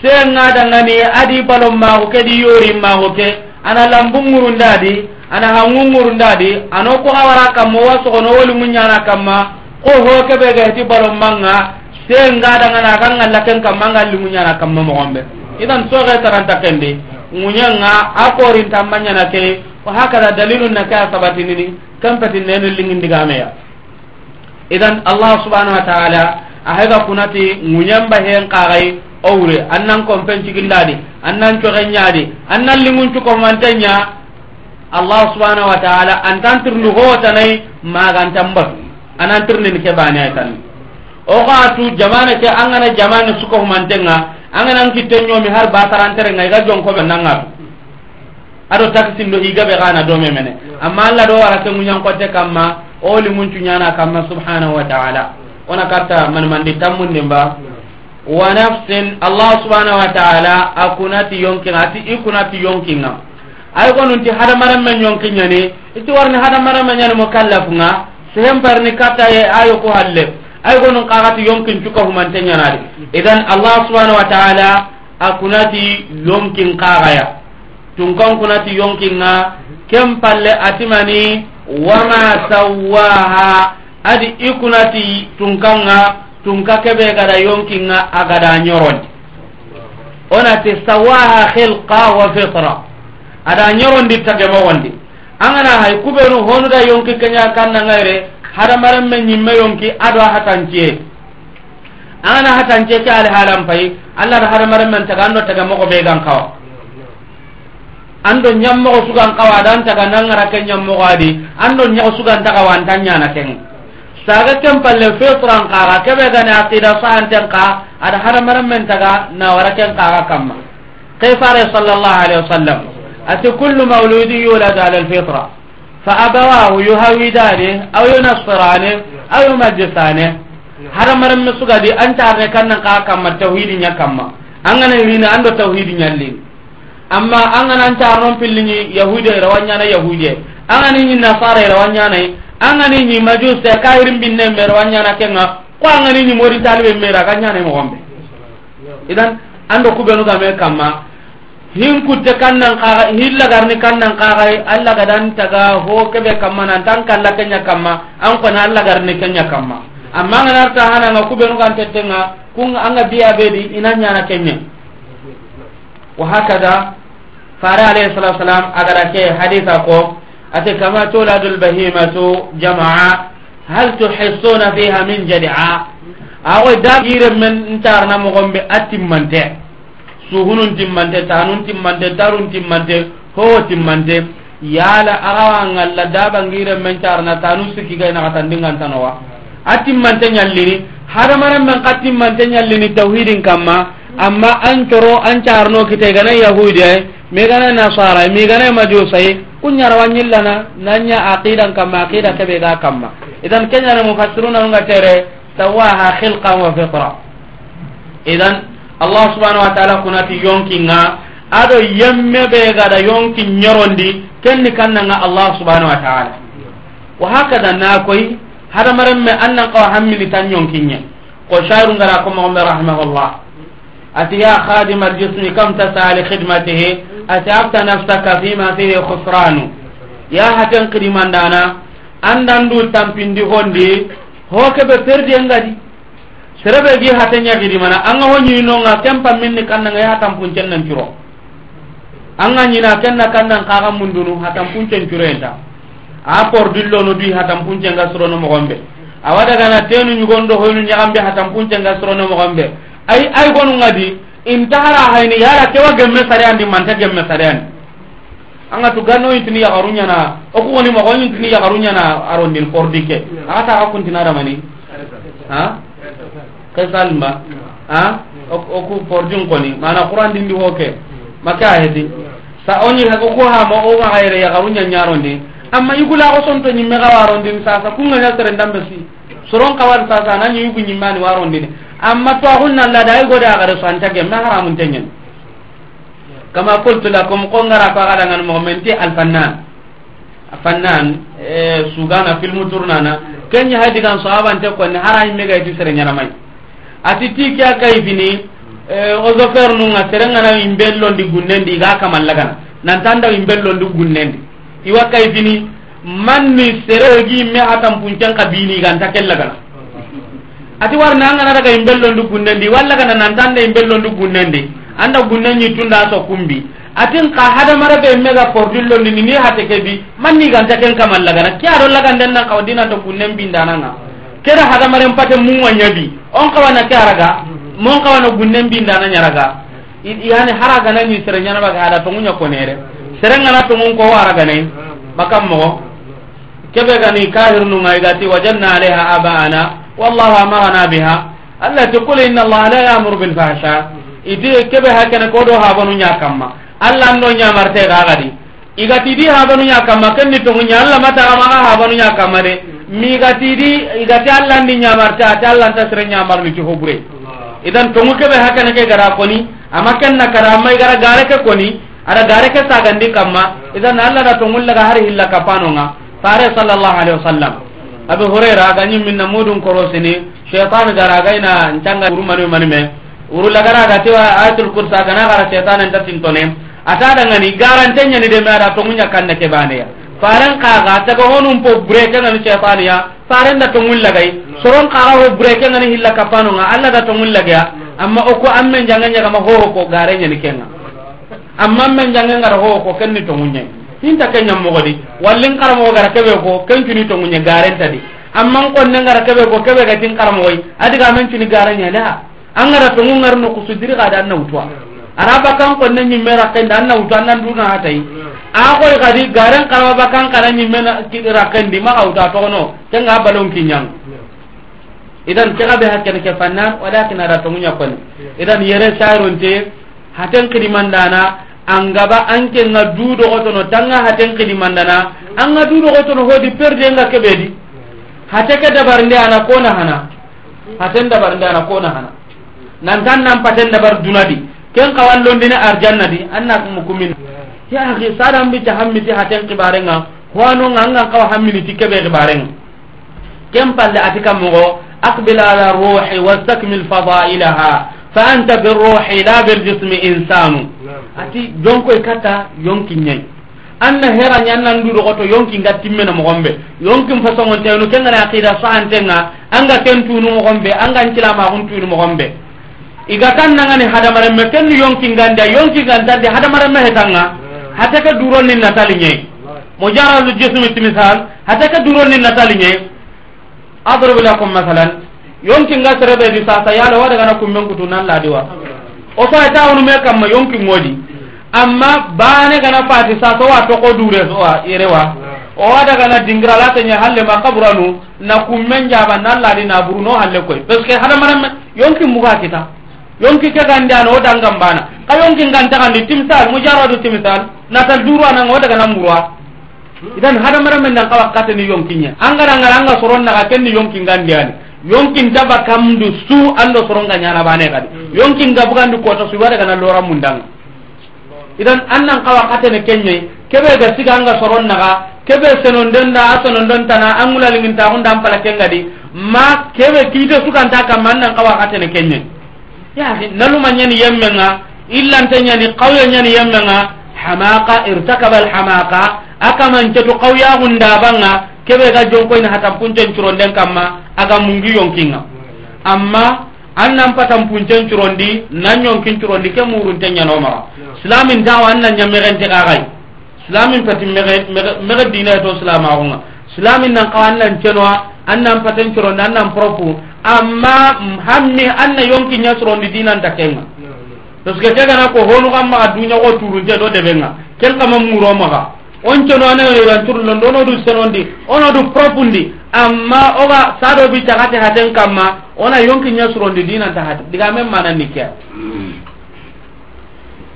senga dangani adi balon maxuke di yorin maxuke ana lambunguru ndadi ana hangunguru ndadi ano ko awara kamma wa sogono woli munyana kamma ko ho kebe ga ti balon manga se ngada ngana kan ngalla ken kamma ngalli munyana kamma mo gombe idan so ga taranta kende munyanga akori tamanya na ke ko hakala dalilun na ka sabati nini kan pati nenu lingin diga meya idan allah subhanahu wa ta'ala ahega kunati munyamba hen qarai owre an nan kompen cigillaadi an nan coxe ñaadi an nan lingun cukomante ña allah subhanau wa taala antan tirndu howotanayi magantan batu anan tirndini keɓaani ay tan oxo atu jamane ke angana jamane sukohumantenga anganan kitte ñomi har basaranterenga iga jonkoɓe nangatu aɗo taksindo igaɓe xana dome mene amma allah ɗo warake guñankote kamma o limuncu ñana kamma subhanahu wa taala ona karta manmandi tammundimba wa nafsin allah subhanahu wa ta'ala akunati yonkin ati ikunati yonkin nga ay ko nunti hada maram men yonkin nyani itu warni hada maram men nyani mukallaf nga sehem parni kata ye ayo ko halle ay ko nun qarati yonkin cuka human tan nyanari idan allah subhanahu wa ta'ala akunati yonkin qaraya tun kan kunati yonkin nga kem palle atimani wama sawaha adi ikunati tun kan nga tunka keɓe gada yonkinga a gada ñorondi onate sawaha helka wa fitra ada ñorondi tagema wondi a gana hay kuɓenu honuda yonki keña kannangayre hadamarenme ñimme yonki ado a hatancie a gana hatancie ke ali halan pay allah ada hadamarenmen taga ando tagemogo ɓe gan kawa ando ñammogo sugan kawa adan taga nangara ke ñammogo adi ando ñago sugan taga wantan ñana kenga saga kem palle fe turan kaga kebe gani aqida saanten ka ada haramaram men taga na wara ken kaga kamma kay fare sallallahu alaihi wasallam ati kullu mawludin yulad ala alfitra fa abawahu yuhawidani aw yunasirani aw yumajjisani haramaram me suga di antarne kannan kaga kamma tawhidin ya kamma angana wina ando tawhidin ya lin amma angana antarnon pillini yahude rawanya na yahude angana ni nasara rawanya na angani ni majus te kairim bin ne mer wanyana kenga ko angani ni mori talwe mera kanyane mo hombe idan ando ku benu game kama hin ku te kannan ka hilla garni kannan ka kai alla ga dan taga ho kebe kama nan tan kala kenya kama an ko alla garni kenya kama amma ngana ta hana ngaku ku benu kan tetenga kun anga biya bedi inanya na kenya wa hakada fara alayhi salatu wasalam agara ke hadisa ko ate kama tuladu lbahimatu jamaa hal tuhissuna fiha min jadia awo dagire men ntarna mogonɓe a timmante suhunun timmante tanun timmante tarun timmante howo timmante yala agawa ngalla dabangire men carna tanu sikkiga nakatandingantanowa a timmante ñallini hadamaren men ka timmante ñallini tawhidin kamma amma an coro an carno kite gana yahudi ay mi gana nasara mi kunyarawa ñillana nanya aqidan kamma aqida keɓe ga kamma idan keñana mufassirunanunga tere sawaha hilqan wa fitra idan allah subhanahu wa taala kunati yonkinga ado yemme ɓe gada yonki ñorondi kenni kamnanga allah subhanahu wa taala wa hakada na koy hadamaren me annan qawa hammini tan yonkinñe ko sharu ngara ko mogome rahimahullah atiya khadima aljismi kam tasaali khidmatihi ati afta nafsaka fima fihi khusranu ya haten kidimandana andandu tampindi hondi ho keɓe perdiengadi serebe gi hatenya kidimana anga hoñininonga ken pamminni kamnanga ya hatanpuncennancuro anga ñina kenna kamnan kaga mundunu hatanpuncencuroenta a pordillono dui hatanpuncenga surono mogonɓe awa dagana tenu ñugonɗo hoynu ñaganɓe hatanpuncenga surono mogonɓe ay ay gonu ngadi in tara hayni yara kewa gemme sare andi man ta gemme sare andi anga tu gano intini ya harunya na oku woni ma woni intini ya harunya na arondin fordike ata aku intina ramani ha kesal ma ha oku fordin koni mana qur'an din di hoke maka ayati sa onni ha ko ha mo o ga hayre ya harunya nyarondi amma yugula ko sonto nyimme ga warondin sa sa kunga nyatere ndambe si soron kawar sa sa nanyi yugu nyimani warondin amma to hunna la da ay goda gare so antage ma haram tenyen kama qultu lakum qongara ko gada ngan mo men ti al fannan fannan e sugana filmu turnana ken ya hadi kan sahaba ante ko ni haray me gay ti sere nyana mai ati ti kya kay bini e o do fer nu nga sere ngana imbello ndi gunnendi ga kamal lagana nan tanda imbello ndi gunnendi iwa kay bini man ni sere gi me atam punjang kabini ga ntakel lagana ati war na ngana daga imbellon du gunnandi walla kana nan tande imbellon du gunnandi anda gunnanyi tunda so kumbi atin ka hada marabe mega cordillo ni ni hate ke bi man ni ganta ken kamal laga na kya do laga ndenna ka odina to kunnen bi ndana nga kera hada marem pate mu wanya bi on ka wana kya raga mon ka wana gunnen bi ndana nya raga yani haraga na ni sere nyana baga hada to munya ko nere sere ngana to mun ko waraga ne bakam mo kebe ga ni kahir nu ngai gati wajanna alaiha abaana wallahu amarana biha allah ti kule inna allah la yamuru bil fahsha idi kebe hakene ko do habanu nya kamma allah ando nya marte ga gadi igati di habanu nya kamma ken ni tongu nya allah mata ma habanu nya kamma de mi gati di igati allah ni nya marte ati allah ta sere nya marmi ci hobure idan tongu kebe hakene ke gara koni amaken na karama igara gare ke koni ada gare ke sagandi kamma idan allah da tongul laga hari hilla kapano nga pare sallallahu alaihi wasallam abe horera aga ñimminna mudum korosini cheitan gara agayna ncanga urumanu manime uru lagara aga tiwa ayatul kursa agana gara cheitan enta tintone ata dangani garante ñani deme ada tongu ñakkanna kebaneya faren kaga taga honum po breke ngani cheitan ya faren da tongu lagay soron kaga ho breke ngani hilla kapano nga alla da tongu lagya amma oku amme janganya kama ho ko gare ñani kenna amma amme janganya ngara ho ko kenni tongu ñani inta ke ñammoxodi wallin xaramoxo gara keɓe ko ken cuni tonguñe garentadi amman konne ngara keɓe ko keɓe gatin xaramoxoy adiga men cuni garañeleha a ngara tongu ngar no kusudiri xadi an nawtuwa ara bakkan konne ñimme rakkendi an nawtu an nanndunahatay a xoy xadi garen xarama bakkan kana ñimme rakkendi ma xawta toxono kenga balon kiñang idan ke xa ɓe xa kene ke fannan walakin ada tongu ñakkone idan yere saironte xaten xidimandana an gaba an ke nga duudo xotono tanga haten xidi mandana an nga duudo xotono hoodi perde nga keɓeedi hate ke dabarnde ana ko naxana haten dabarnde ana ko naxana nantan nan paten dabar dunadi ken xawan londine arjanna di an na mukumin ya axi saɗan mbi cahammiti haten xibarenga hoanonga an ngan xawa xamminiti keɓe xibarenga ken palle ati kam moxo aqbil ala ruxi wastakmil fadailaha fanta bi ruhi la bi jismi insanu ati jonko ikata yonki nyai anna hera nyanna nduro goto yonki ngati mena mogombe yonki mfaso ngonte no kenga na akida so antenga anga kentu no mogombe anga nkila ma huntu no mogombe igatan nanga ni hada mare meten yonki nganda yonki nganda de hada mare mehetanga hata ka duro ni natali nyai mujaralu jismi timisal hata ka duro ni natali nyai adrubu lakum mathalan yonki nga serebe di sasa yala wada gana kumben kutu nan la diwa o fa ta wonu me kamma yonki ngodi amma bane gana fati sasa wa to ko dure wa yerewa o wada gana dingra la tanya halle ma qabranu na kummen jaba nan la di na buruno halle koy parce que hada manam yonki muga kita yonki ke ganda no dangam bana ka yonki ganta kan timsal mujarradu timsal na tal duru anan wada gana murwa idan hada manam nan ni yonki nya angara angara anga soron na ken ni yonki gandiani yonkin daba kamdu su ando soronga nyara bane kadi hmm. yonkin gabugandu kota su bare kana lora mundang idan annan kawa ne kenye kebe ga siga anga soron naga kebe non don tana angula ta hunda ampala di ma kebe su sukan takam anang kawa kate ne kenye yahi naluma nyani yemmenga illante ni qawya nyani hamaka. hamaqa irtakaba alhamaqa hunda banga keɓe ga jonkoyna hatan puncencuronden kamma aga mungi yonkinga amma an nanpatan puncencurondi nan yonkincurondi ke murunte ñanomaxa slamin tawa an nan ñamexente ƙaxay slamin pati mexe dinaye to slamaxunga slamin nan xawa an nan cenowa an nan patencurondi an nan propre amma hammi an na yonki ñasurondi dinanta kenga parce que kegana ko honu xammaxa duñaxo turunte do deɓenga ken kama muromaxa on cono ana yoran tur non do onodu senondi onodu propundi amma oga sado bi tagate haten kamma ona yonki nyasurondi dina tahat diga men mana nikke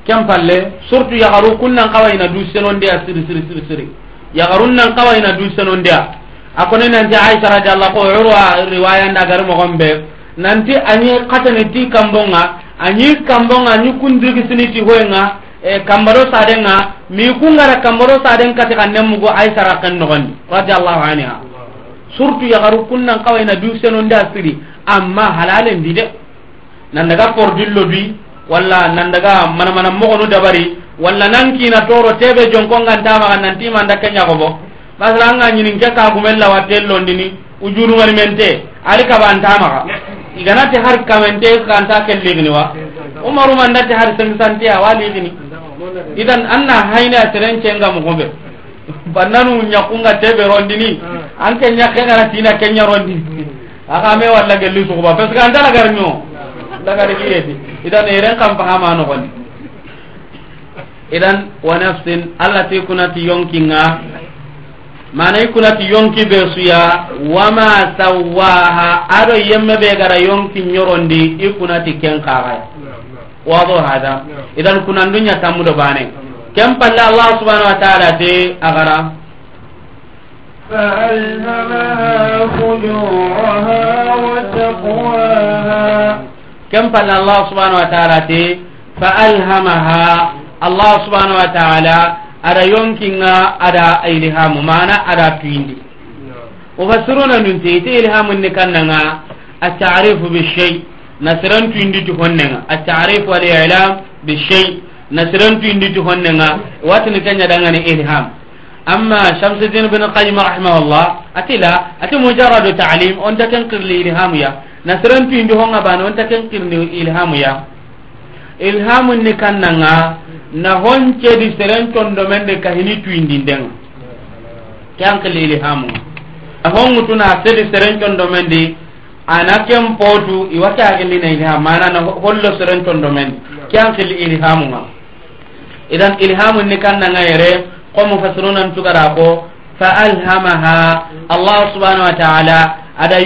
kam palle surtu ya garu kunnan kawai na du senondi asiri siri siri siri ya garun nan kawai na du senondi akone nan ja aisha radhiyallahu anha urwa riwaya ndagar mo gombe nanti anyi katane ti kambonga anyi kambonga nyukundri kisini ti hoenga Eh, kambaro saden nga mi kungara kambaro saden kati kan nemu go ay sara kan nogoni radiyallahu anha surtu ya garu kunnan kawai na biu seno nda siri amma halalen dide nan daga por dillo bi walla nan daga mana mana mo gonu dabari walla nan ki na toro tebe jonkon ngan tama kan nan tima nda kenya go bo basra nga nyinin ke ka gumel la watello ndini ujuru mari mente ari ka ban tama ka igana te har ka mente kan ta kelligni wa umaru manda te har sen santia wali ni idan anna hayna teren kenga mo gobe bannanu nyakunga tebe rondini ah. anke nyakke gara tina kenya rondi ah. aka me walla gelli su ba pesa kan dala garmi o daga ri yedi idan eren kan fa ma no gon idan wa nafsin allati kunati yonkinga manay kunati yonki be suya wa ma sawaha ado yemme be gara yonki nyorondi ikunati kenka gara wado hada idan kunan dunya tamudo bane kem palla allah subhanahu wa ta'ala de agara kem palla allah subhanahu wa ta'ala de fa alhamaha allah subhanahu wa ta'ala ada yonkinga ada ilhamu mana ada pindi ufasiruna nunte ite ilhamu ni kannanga atarifu bishai nasirantuinditi honnega atarif walilam bishei nasirantuinditi honnega watini kañaɗangani ilham amma shamsedin bin qayima rahimahullah atila ati mujaradu talim onta ken kirli ilhamu ya nasirantuindi honga bani onta ken kirni ilhamu ya ilhamu ni kannaga na honkedi serentondomende kahini tuindindenga ke ankili ilhamuga na hongutuna sedi serentondomendi ana ken potu iwake agilli na ilham mana na hollo seren tondo men kyan kil ilhamu ma idan ilhamu ni kan nga yere ko mufassiruna tukara ko fa alhamaha allah subhanahu wa ta'ala ada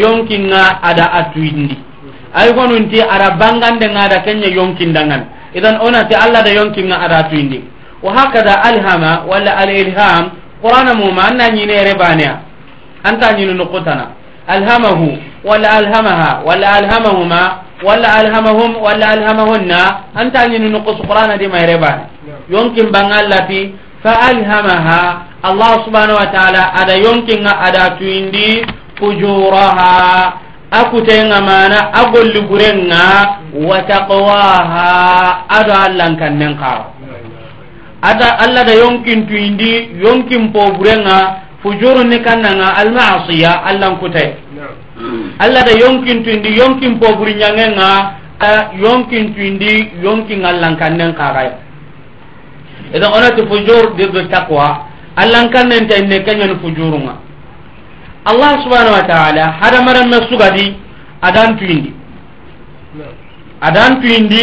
na ada atuindi ay nti ada bangan de ngada kenya yonkin dangan idan onati allah da na ada atuindi wa hakada alhama wala al ilham qur'ana mu ma nyine rebania anta nyinu nukutana alhamahu ولا ألهمها ولا ألهمهما ولا ألهمهم ولا ألهمهن أنت أن نقص قرآن دي ما يربان يمكن بنال لفي فألهمها الله سبحانه وتعالى أدا يمكن أدا تويندي فجورها أكو تين أمانة أقول لقرنا وتقواها أدا ألان كان ننقار أدا ألا دا يمكن تويندي يمكن فجور نكاننا المعصية ألان كتين نعم. Mm. allah da yonkintuindi yonkin poburi ñange nga yonkintuindi yonkin allankannen kaxay eda onati fujour dir de taqwa allankannentai ne keñani fujurunga allah subhanau wa taala hadamarenme sugadi adantuindi adantuindi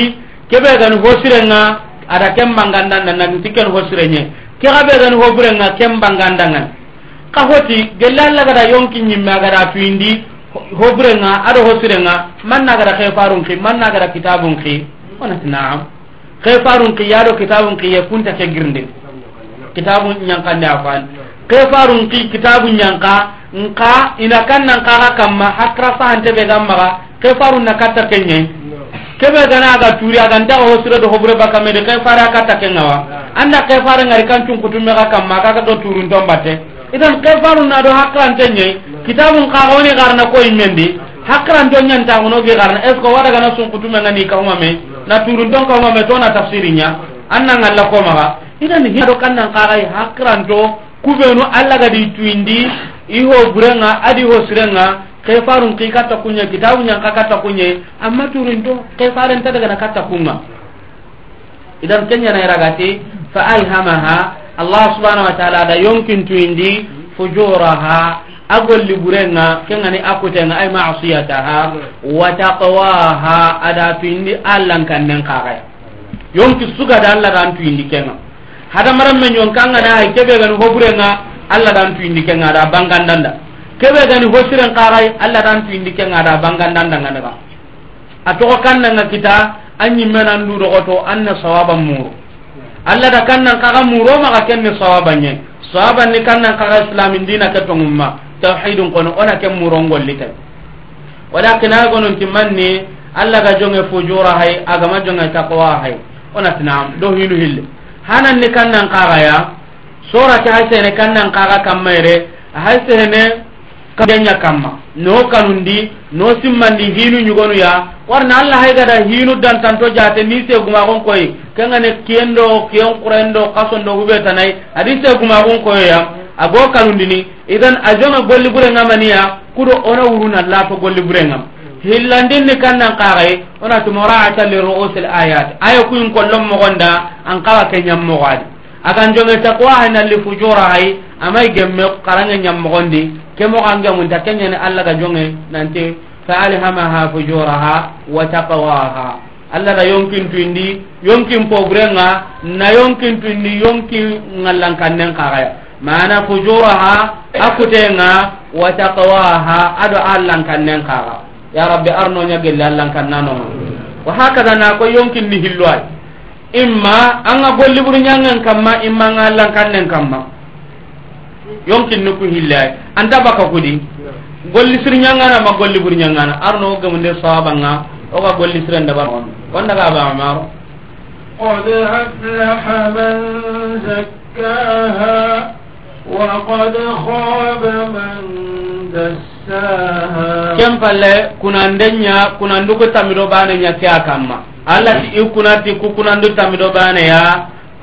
keɓe gani hosirenga ada ken bangandanda naginti ken hosireñe ke xaɓe gani hofirenga ken bangandangan ka hoti gelle allah gada yonki ñimme agada tuindi hobrenga ado hosirenga mannagara kefarunki mannagara kitabunki onati naam kefarunki yaado kitabunki ye kunta ke girndin kitabu ñankande afani kefarunki kitabu ñanka nka ina kannankaxa kamma hakra fahanteɓe gan maxa kefarun na katta keñe keɓe gana aga turi agantaxa hosirodo hobre bakamede kefare a katta kengawa anda kefarengari kan cunkutumexa kamma kaga do turun tombatte idan kefanu na do hakkarante ñoy kitabun kaxoni xarna ko immendi hakkaranto ñantaxunoge xarna est ce que waragana sunkutumenga ni kaxuma me na turunton kaxuma me to na tafsiri ña annanga lakomaxa idan hiado kannan kaxay hakkaranto kuvenu allagadi tuindi iho burenga adi ho sirenga kefarun ki katta kunye kitabu nyang ka katta kunye amma turun do kefaren ta daga na katta kunga idan kenya na iragati fa alhamaha allah subhanau wa taala ada yonkintuindi fujuraha a golli ɓurenga kegani a kutenga ay masiyataha wa taqwaha ada tuindi allankannen kaxe yonki sugada allah dan tuindi kenga hadamarame ñonkangana ay keɓegani fo ɓurenga allah dan tuindi kenga ada bangandanda keɓegani fo siren kaxay allah dan tuindi kenga ada bangandandanganega a toxo kannanga kita a ñimmenanduɗoxoto an ne sawaba muru allah da kannan kaga muro maga kenne sawabanyen sawaban ni kannan kaga islam dina ke to mumma tauhid ko no ona ken muro ngolli tan wala kina go non timmanni allah ga jonge fujura hay aga ma jonge taqwa hay ona tinam do hilu hille hanan ni kannan kaga ya sura ta hay sene kannan kaga kamere hay sene kadenya kamma no kanundi no simmandi hinu nyugonu ya warna alla haiga da hinu dan tanto jate ni se guma gon koy kanga ne kiendo kion kurendo kaso ndo hube tanai hadise guma gon koy ya ago kanundi ni idan ajona golli bure ngamania kudo ora wuruna la to golli bure ngam hillandin ni kannan qaray ona to mura'ata li ru'usil ayat ayo kuyin kollom mo gonda an qala kenyam mo gadi akan jonge takwa hinalli fujura hay amay gemme qaranya nyam mo gondi kemoxangemunta keñeni allah ga jonge nanti faalihamaha fo joraha wa taqawaha allah ta yonkintuindi yonkin pogrenga na yonkintuindi yonkin ngallankannen kaxaya mana fujuraha a kutenga wa taqawaha aɗo allankannen kaxa ya rabbi arnoñagelli allankannanoma wa hakada na ko yonkinni hilluay imma anga golliburñangen kamma imma nga allankannen kamma yonkin ni ku hillay anta baka kudi golli sir nyangana ma golli bur nyangana arno gam nder sahaba nga o ga golli sir nda baron on daga ba amar qad aflaha man zakkaha wa qad khaba man dassaha kem palle kunandenya kunandu ko tamido bana nyake akamma allah ti kunandi ku kunandu tamido bana ya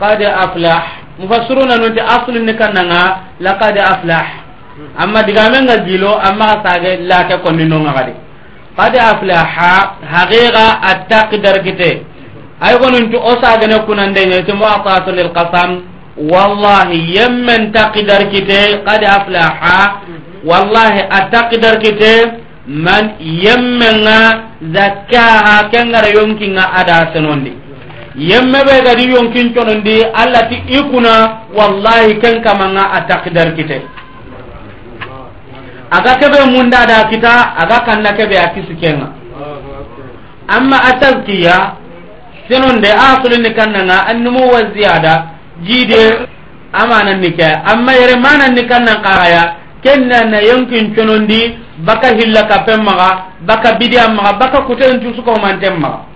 qad aflaha mufassiruna non ti asli ni kanna nga laqad aflah amma diga men ga dilo amma sage la ke konni non nga gadi qad aflaha haqiqa attaqdar kite ay gonun tu osage ne kunande ne ti muqatasu lil qasam wallahi yamman taqdar kite qad aflaha wallahi attaqdar kite man yamman nga zakkaha kengara yonkinga ada senondi yemme ɓe gadi yonkin conondi allah ti i kuna wallahi ken kamanga a takdar kite aga keɓe munda da kita aga kanna keɓe a kisi kenga amma a taskiya senonde a sulini kannanga annumo wa ziyada jiide amananni ke amma yere mananni kannan kaxaya kennana yonkin conondi baka hilla ka pen maga baka bidiyan maga baka kutentu sukomanten maga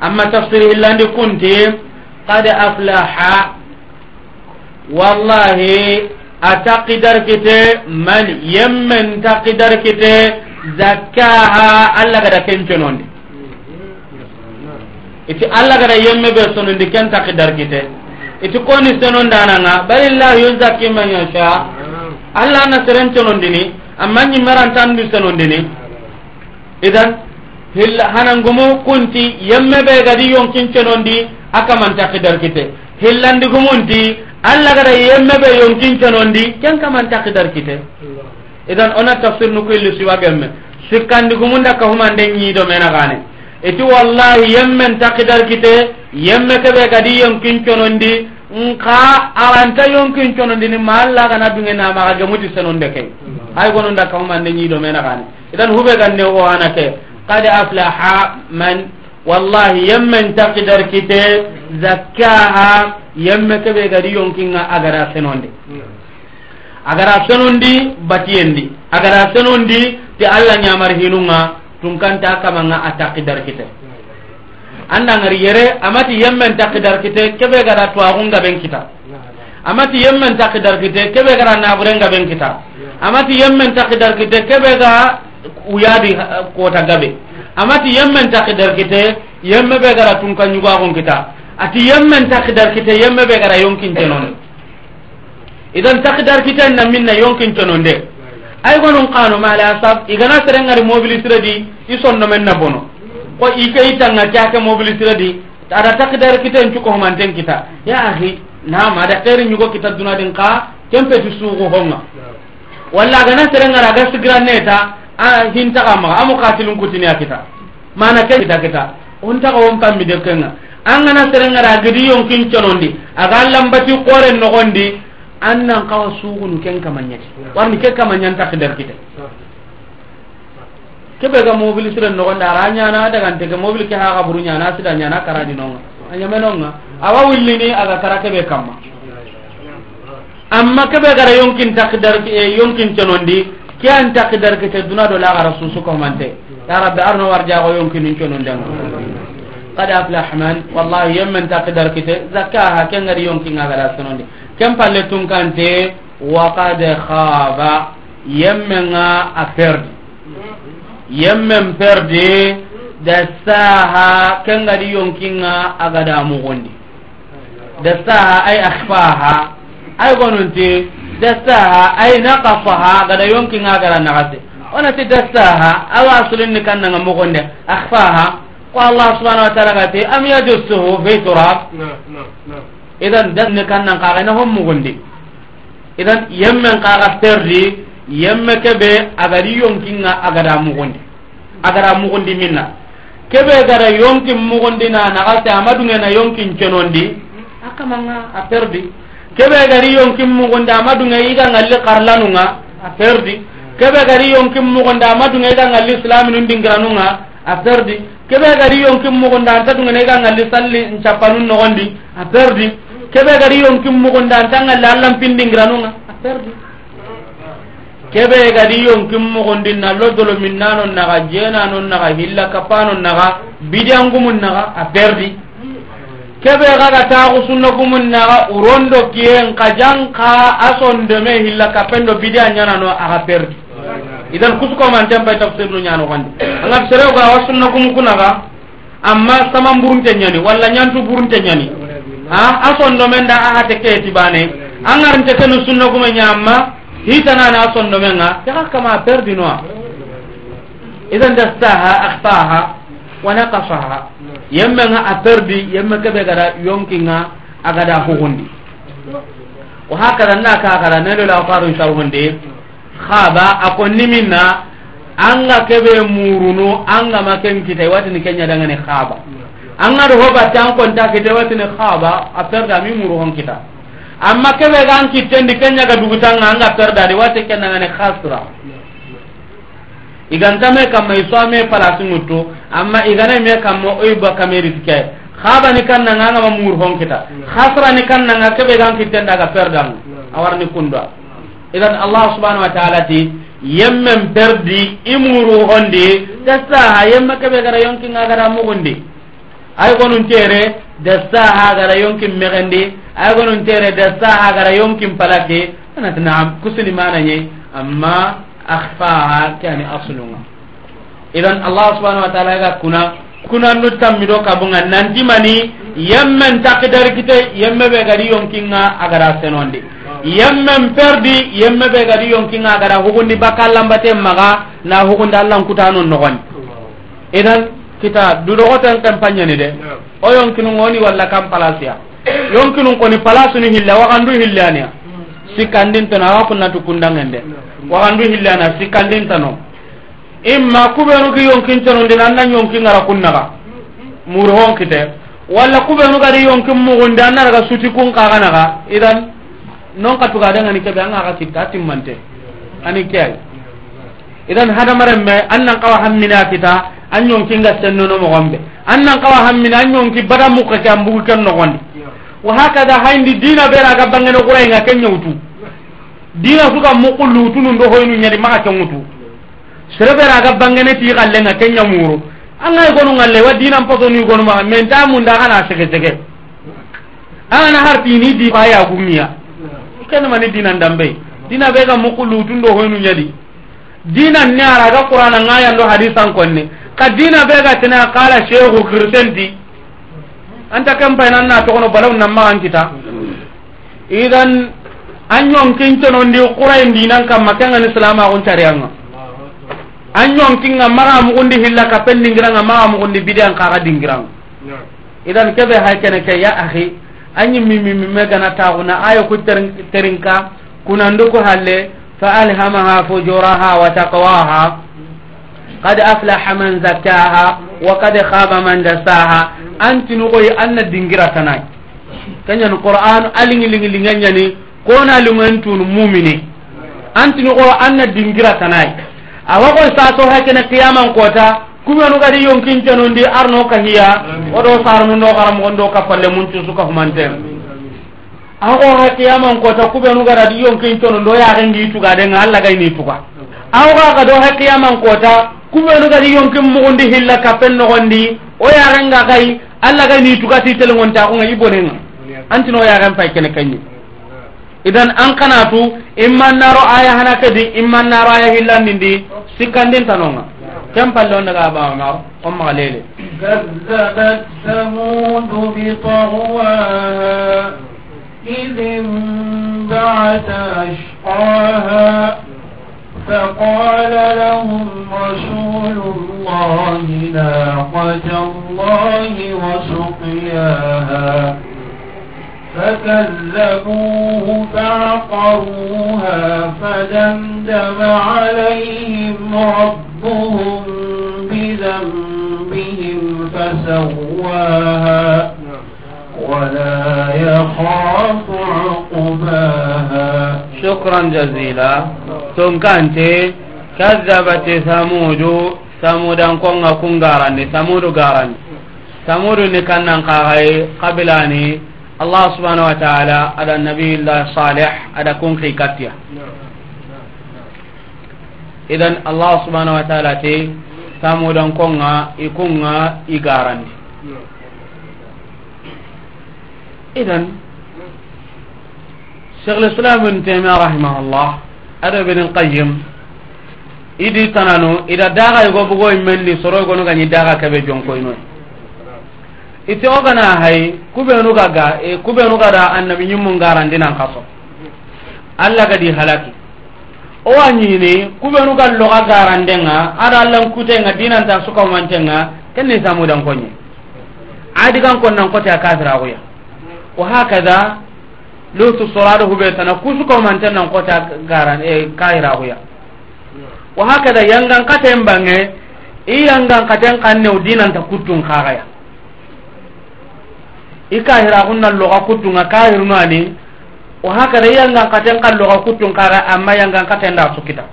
amma tafsiri illandi kunti qad aflaha wallahi ataqidar kite man yemmen taqidar kite zakkaha allah gada kencenondi iti allah gada yemme be sonondi ken taqidar kite iti koni senondananga bari llah yozakki man yasha allah na serencenondini amma ñimmarantandu senondini idan hilla hanangumu kunti yemme be gadi yonkincenondi akamanta kidarkite hillandigumunti allah gada yemme be yonkincenondi ken kamanta kidarkite idan ona tafsir nukuilli siwa gemme sikkandigumunda ka humanden ñiido menagane iti wallahi yemmen takidarkite yemme keɓe gadi yonkincenondi nka aranta yonkincenondini ma allah gana duge namaga gemuti senonde ke hay gonunda ka humande ñiido menagane idan huɓe gande o anake قد أفلح من والله يمن تقدر كتاب زكاها يم كبه قد يمكن أغرى سنون دي أغرى سنون دي باتين دي أغرى سنون دي تي الله نعمر هنونا تنكن تاكما أتقدر كتاب anda ngari yere amati yemmen takidar kite kebe gara to agunga ben kita amati yemmen takidar kite kebe gara na burenga ben kita amati yemmen takidar kite kebe ga uyadi kota gabe amati yemmen takidar kite yemme be gara tunka nyugo akon kita ati yemmen takidar kite yemme be gara yonkin tenon idan takidar kite na minna yonkin tenon de ay gonon qano mala asab igana serenga re mobilisre di ison no menna bono ko ike itanga kyake mobilisre di ada takidar kite en cuko manten kita ya akhi na ma da kere nyugo kita dunadin ka tempe tusugo honga walla gana serenga ra gasgranneta a hintaxa maxa amo katilun kutini a kita mana ke kita kita on taxa won pammi de kenga an gana serengara a gidi yonkin conondi aga lambati kore nogondi an nan kawa sugun ken kama ñati warni ke kama ñantaxi nder kite kebe ga mobile sire nogondi ara ñana a daganteke mobile ke xa xaburu ñana a sida ñana karadi nonga a ñame nonga awa willini aga kara kebe kamma amma kebe gara yonkin taxi dar eh, yonkin conondi ke an taqdar ke te duna do la gara susu ko mante ya rabbi arno warja go yonkin in conon dan qad aflah man wallahi yamman taqdar ke te zakaha ken ngari yonkin ngara sonondi ken palle tun kante wa qad khaba yamman a perdi yamman perdi da saha ken ngari yonkin aga da mugondi da saha ay akhfaha ay gonunti dastaha ay naqafaha gada yonki nga gara naqate ona ti dastaha awa sulin ni kanna nga mugonde akhfaha ko allah subhanahu wa ta'ala gati am yajussuhu fi turab idan dan ni kanna nga gara hom mugonde idan yemma nga gara terri yemma kebe agari yonki nga agara mugonde agara mugonde minna kebe gara yonki mugonde na naqate amadu ngena yonki chenondi akamanga a terdi kebe gari yonkin mugunda amadu nga iga ngalli qarlanu nga a perdi kebe gari yonkin mugunda amadu nga iga ngalli islami nun dingranu nga a perdi kebe gari yonkin mugunda antadu nga iga ngalli salli nchapanu nogondi a perdi kebe gari yonkin mugunda antanga lalam pindingranu nga a perdi kebe gari yonkin mugundi na lodolo minnanon naga jenanon naga hilla kapanon naga bidiangumun naga a perdi kebe gaga taxu sunna gumun naxa urondo kiyen ka jang ka a sondeme xila ka pendo bidi a ñanano axa perdu idan kusukomanten pay tafsir nu ñanoxondi angab serewga wa sunna gumu kunaxa amma sama mburunte ñani walla ñantu burunte ñani a a sondome nda axate keeti bane a ngarnte tenu sunna gume ñamma hitanani a sondome nga kexa kama a perdu noa idan destaha axtaha wa naqasaha yemme nga a perdi yemme kebe gada yonki nga a gada hohondi o hakada na ka gada na lola faru sar hunde khaba akon niminna anga kebe muruno anga maken kita wati ni kenya dangane khaba anga do hoba tan kon ta kete wati ni khaba a perda mi muru hon kita amma kebe gan kitendi kenya ga dugutan anga perda de wati kenya dangane khasra igantame kamai swame palasi mutu amma igana me kam mo oy ba kameri tike khaba ni kan nanga ngama mur honkita khasra ni kan nanga kebe gam kitten daga perdam awar ni kundwa idan allah subhanahu wa ta'ala ti yemmem perdi imuru hondi dasa ha yemma kebe gara yonki nga gara mu hondi ay gonun tere dasa ha gara yonki megendi ay gonun tere dasa ha gara yonki palake ana tanam kusuni mana ni amma akhfaha kani aslunga idan allah subhanahu wa ta'ala ga kuna kuna nu tammi do ka bunga nanti mani yamman taqdar kite yamma be gadi yonkinga agara senondi yamman perdi yamma be gadi yonkinga agara hugundi bakal lambate maga na hugunda allah kutano nogon idan kita dudogo tan kampanya ni de o yonkinu ngoni wala kampalasia yonkinu koni palasu ni hilla wakandu hillania sikandin tan awakunna tukundangende wakandu hillana sikandin tanom imma kuɓenuki yonkincenundina anna yonki gara kunnaga murhonkite walla kuɓenugari yonki mugundi anna daga suti kun kaganaga idan non katugadengani keɓe angaga kitta a timmante ani ke ay idan hadamaren ɓe annan kawa hammine a kita an yonki gattennono mogonɓe annan kawa hammine an yonki bada mukkeke an bugu ken nogondi wa hakada haydi dina ɓenaga bangene gurayga ke ñawtu dina suga mukullu utunundo hoynu ñadi maga ke ŋutu sereberaga bangene ti xallenga ke ñamuru anga i gonu ngalle wa dinan posoni gonu maxa men ta munda xana sege sege angana har tini di fa yagumiya kenemani dinan dambe dina ɓega muku lutundo hoynu ñadi dinan ne araga qurana nga yando hadisan konne ka dina ɓega tene a qala chekhu kristien ti anta kem payna na toxono balam nam maxankita idan a ñong kincenondi qura dinan kamma kengani salama axun cari anga anyon kinga maga mugundi hilla ka pendi ngiranga maga mugundi bidian kaga dingiran idan kebe hay kene ke ya akhi anyi mi mi mi mega na taguna ayo ku terinka kuna nduku halle fa alhamaha fujuraha wa taqwaha qad mm. aflaha man zakkaha wa qad khaba man dasaha anti nugoy anna dingira tanai kanyan qur'an alingi lingi lingi nyani kona lumentun mumini mm. anti nugoy anna dingira tanai awa koy saso ha kene qiyaman kota kumenu gadi yonkincenundi arno ka hiya oɗo sarnu ndo xaramogo ndo kapalle mun cusu ka humanten ako ha qiyaman kota kumenu gada di yonkincenu ndo yaxengi tuga denga allah gayni tuga ako kaka do ha qiyaman kota kumenu gadi yonkin mugundi hilla kappen nogondi o yaxenga kay allah gayni tuga titelengonte akonga i bonenga antino yaxen pay kene kañi idan an kanatu imman naro aya hanaka di imman naro aya hillandindi sikkandin tanonga كم فاللون نغا با عمر ام ليلى كذبت ثمود بطغواها إذ انبعث أشقاها فقال لهم رسول الله ناقة الله وسقياها فكذبوه فعقروها فدمدم عليهم ربهم بذنبهم فسواها ولا يخاف عقباها شكرا جزيلا ثم كانت كذبت ثمود ثمود أنكم كن غارني ثمود غارني ثمود نكنا قبلاني allah subhanahu wa taala aɗa nabillah saleh aɗa konki kattiya idan allah subhanahu wa taala te tamudan konga i kunga i garandi idan cheikh lislam ibne taimia rahimahullah aɗa benin qayim idi tanano ida daga igo bugoy menni soroygonogañi daga keɓe jonkoynoy ite ogana hay kubenu gaga e kubenu gada annabi nyimmu ngarandi nan kaso alla gadi halaki o anyini kubenu gallo gagarande nga ada allan kutenga dinan ta suka mantenga kenne samu dan konni adi kan konna ko ta kadra goya wa hakada lutu suradu be tan ku suka mantenga ko ta garan e kaira goya wa hakada yangan katembange iyangan katen kanne udinan ta kutun kagaya i kahira kunna loxa kuttunga kahirnu ani o hakata yangan katen ka loxa kuttun kaga amma yangan katen da sukkita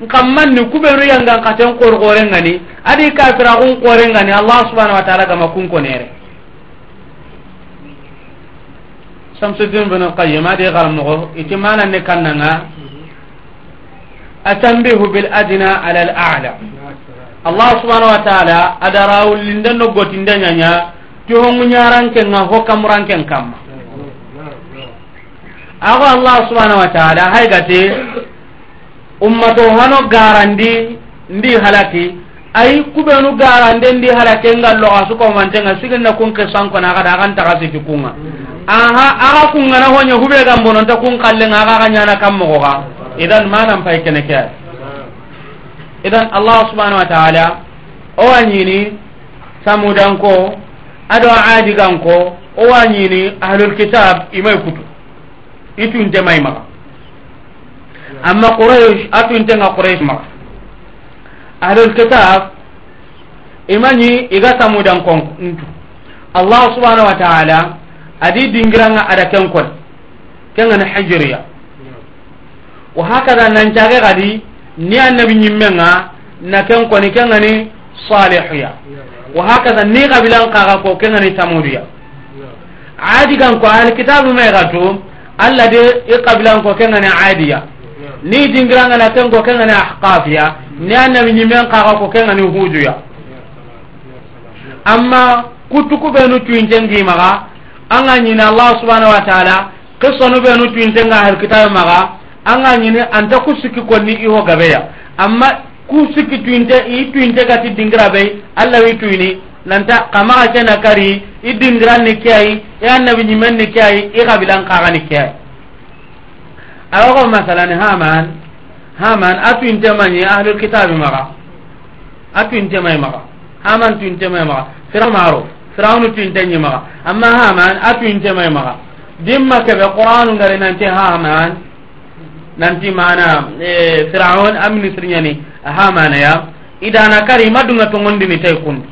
nkammanni kuɓenu yangan katen korkorengani adi i kafira kun korengani allah subhanau wa taala gama kunkonere samsudin bin alqayim adi garam nogo iti mananni kannanga atambihu biladina ala alala allah subhanau wa taala adarawullindenno gotindenyanya tihongu ñaranke nga ho kamuranken kamma ako allah subhanau wa taala hay gati ummato hano garandi ndi halaki ayi kubenu garande ndi halake ngalloxa sukomantenga siginna kunke sankona axada axantaxasiki kunga aha axa kungana hoña huɓegambononta kun kallenga axa xa ñana kam moxoxa idan manan pay kene ke ay idan allah subhanau wa taala owa ñini samudanko ado aadi ganko o wañini ahlulkitab imay kutu itunte may maga amma qouraish atuntenga qouraish maga ahlulkitab imañi iga samudankon ntu allah subhanahu wa taala adi dingiranga ada kenkon kengani hijiriya wa hakada nancage gadi ni annabi ñimmenga na kenkoni kengani salihiya وهكذا نيغا بلان قاغا كو كنا نتاموريا عادي كان كو على كتاب ما يغاتو الله دي يقبلان كو كنا نعاديا ني دينغران انا كان كو كنا احقافيا ني انا من يمن قاغا كو كنا نهوجويا اما كتكو بينو توينجن دي ماغا انا نينا الله سبحانه وتعالى قصه نو بينو توينجن اهل كتاب ماغا انا نينا انت كو سكي كو ني هو غبيا اما ku sikki tuinte i tuinte gati dingira bei allah wi tuini nanta kamaxa kena kari i dingiran ni ke ayi i annabi ñimen ni ke ayi i xabilan kaxa ni ke ayi awoxo masalani haman haman a tuinte mañi ahlulkitabe maxa a tuinte mai maxa haman tuinte mai maxa firamaro firawnu tuinte ñimaxa amma haman a tuinte mai maxa dimma keɓe qouranu ngari nante haman nanti mana e, firaon a ministreñani aha manaya idana kari imadunga togondini tay kundu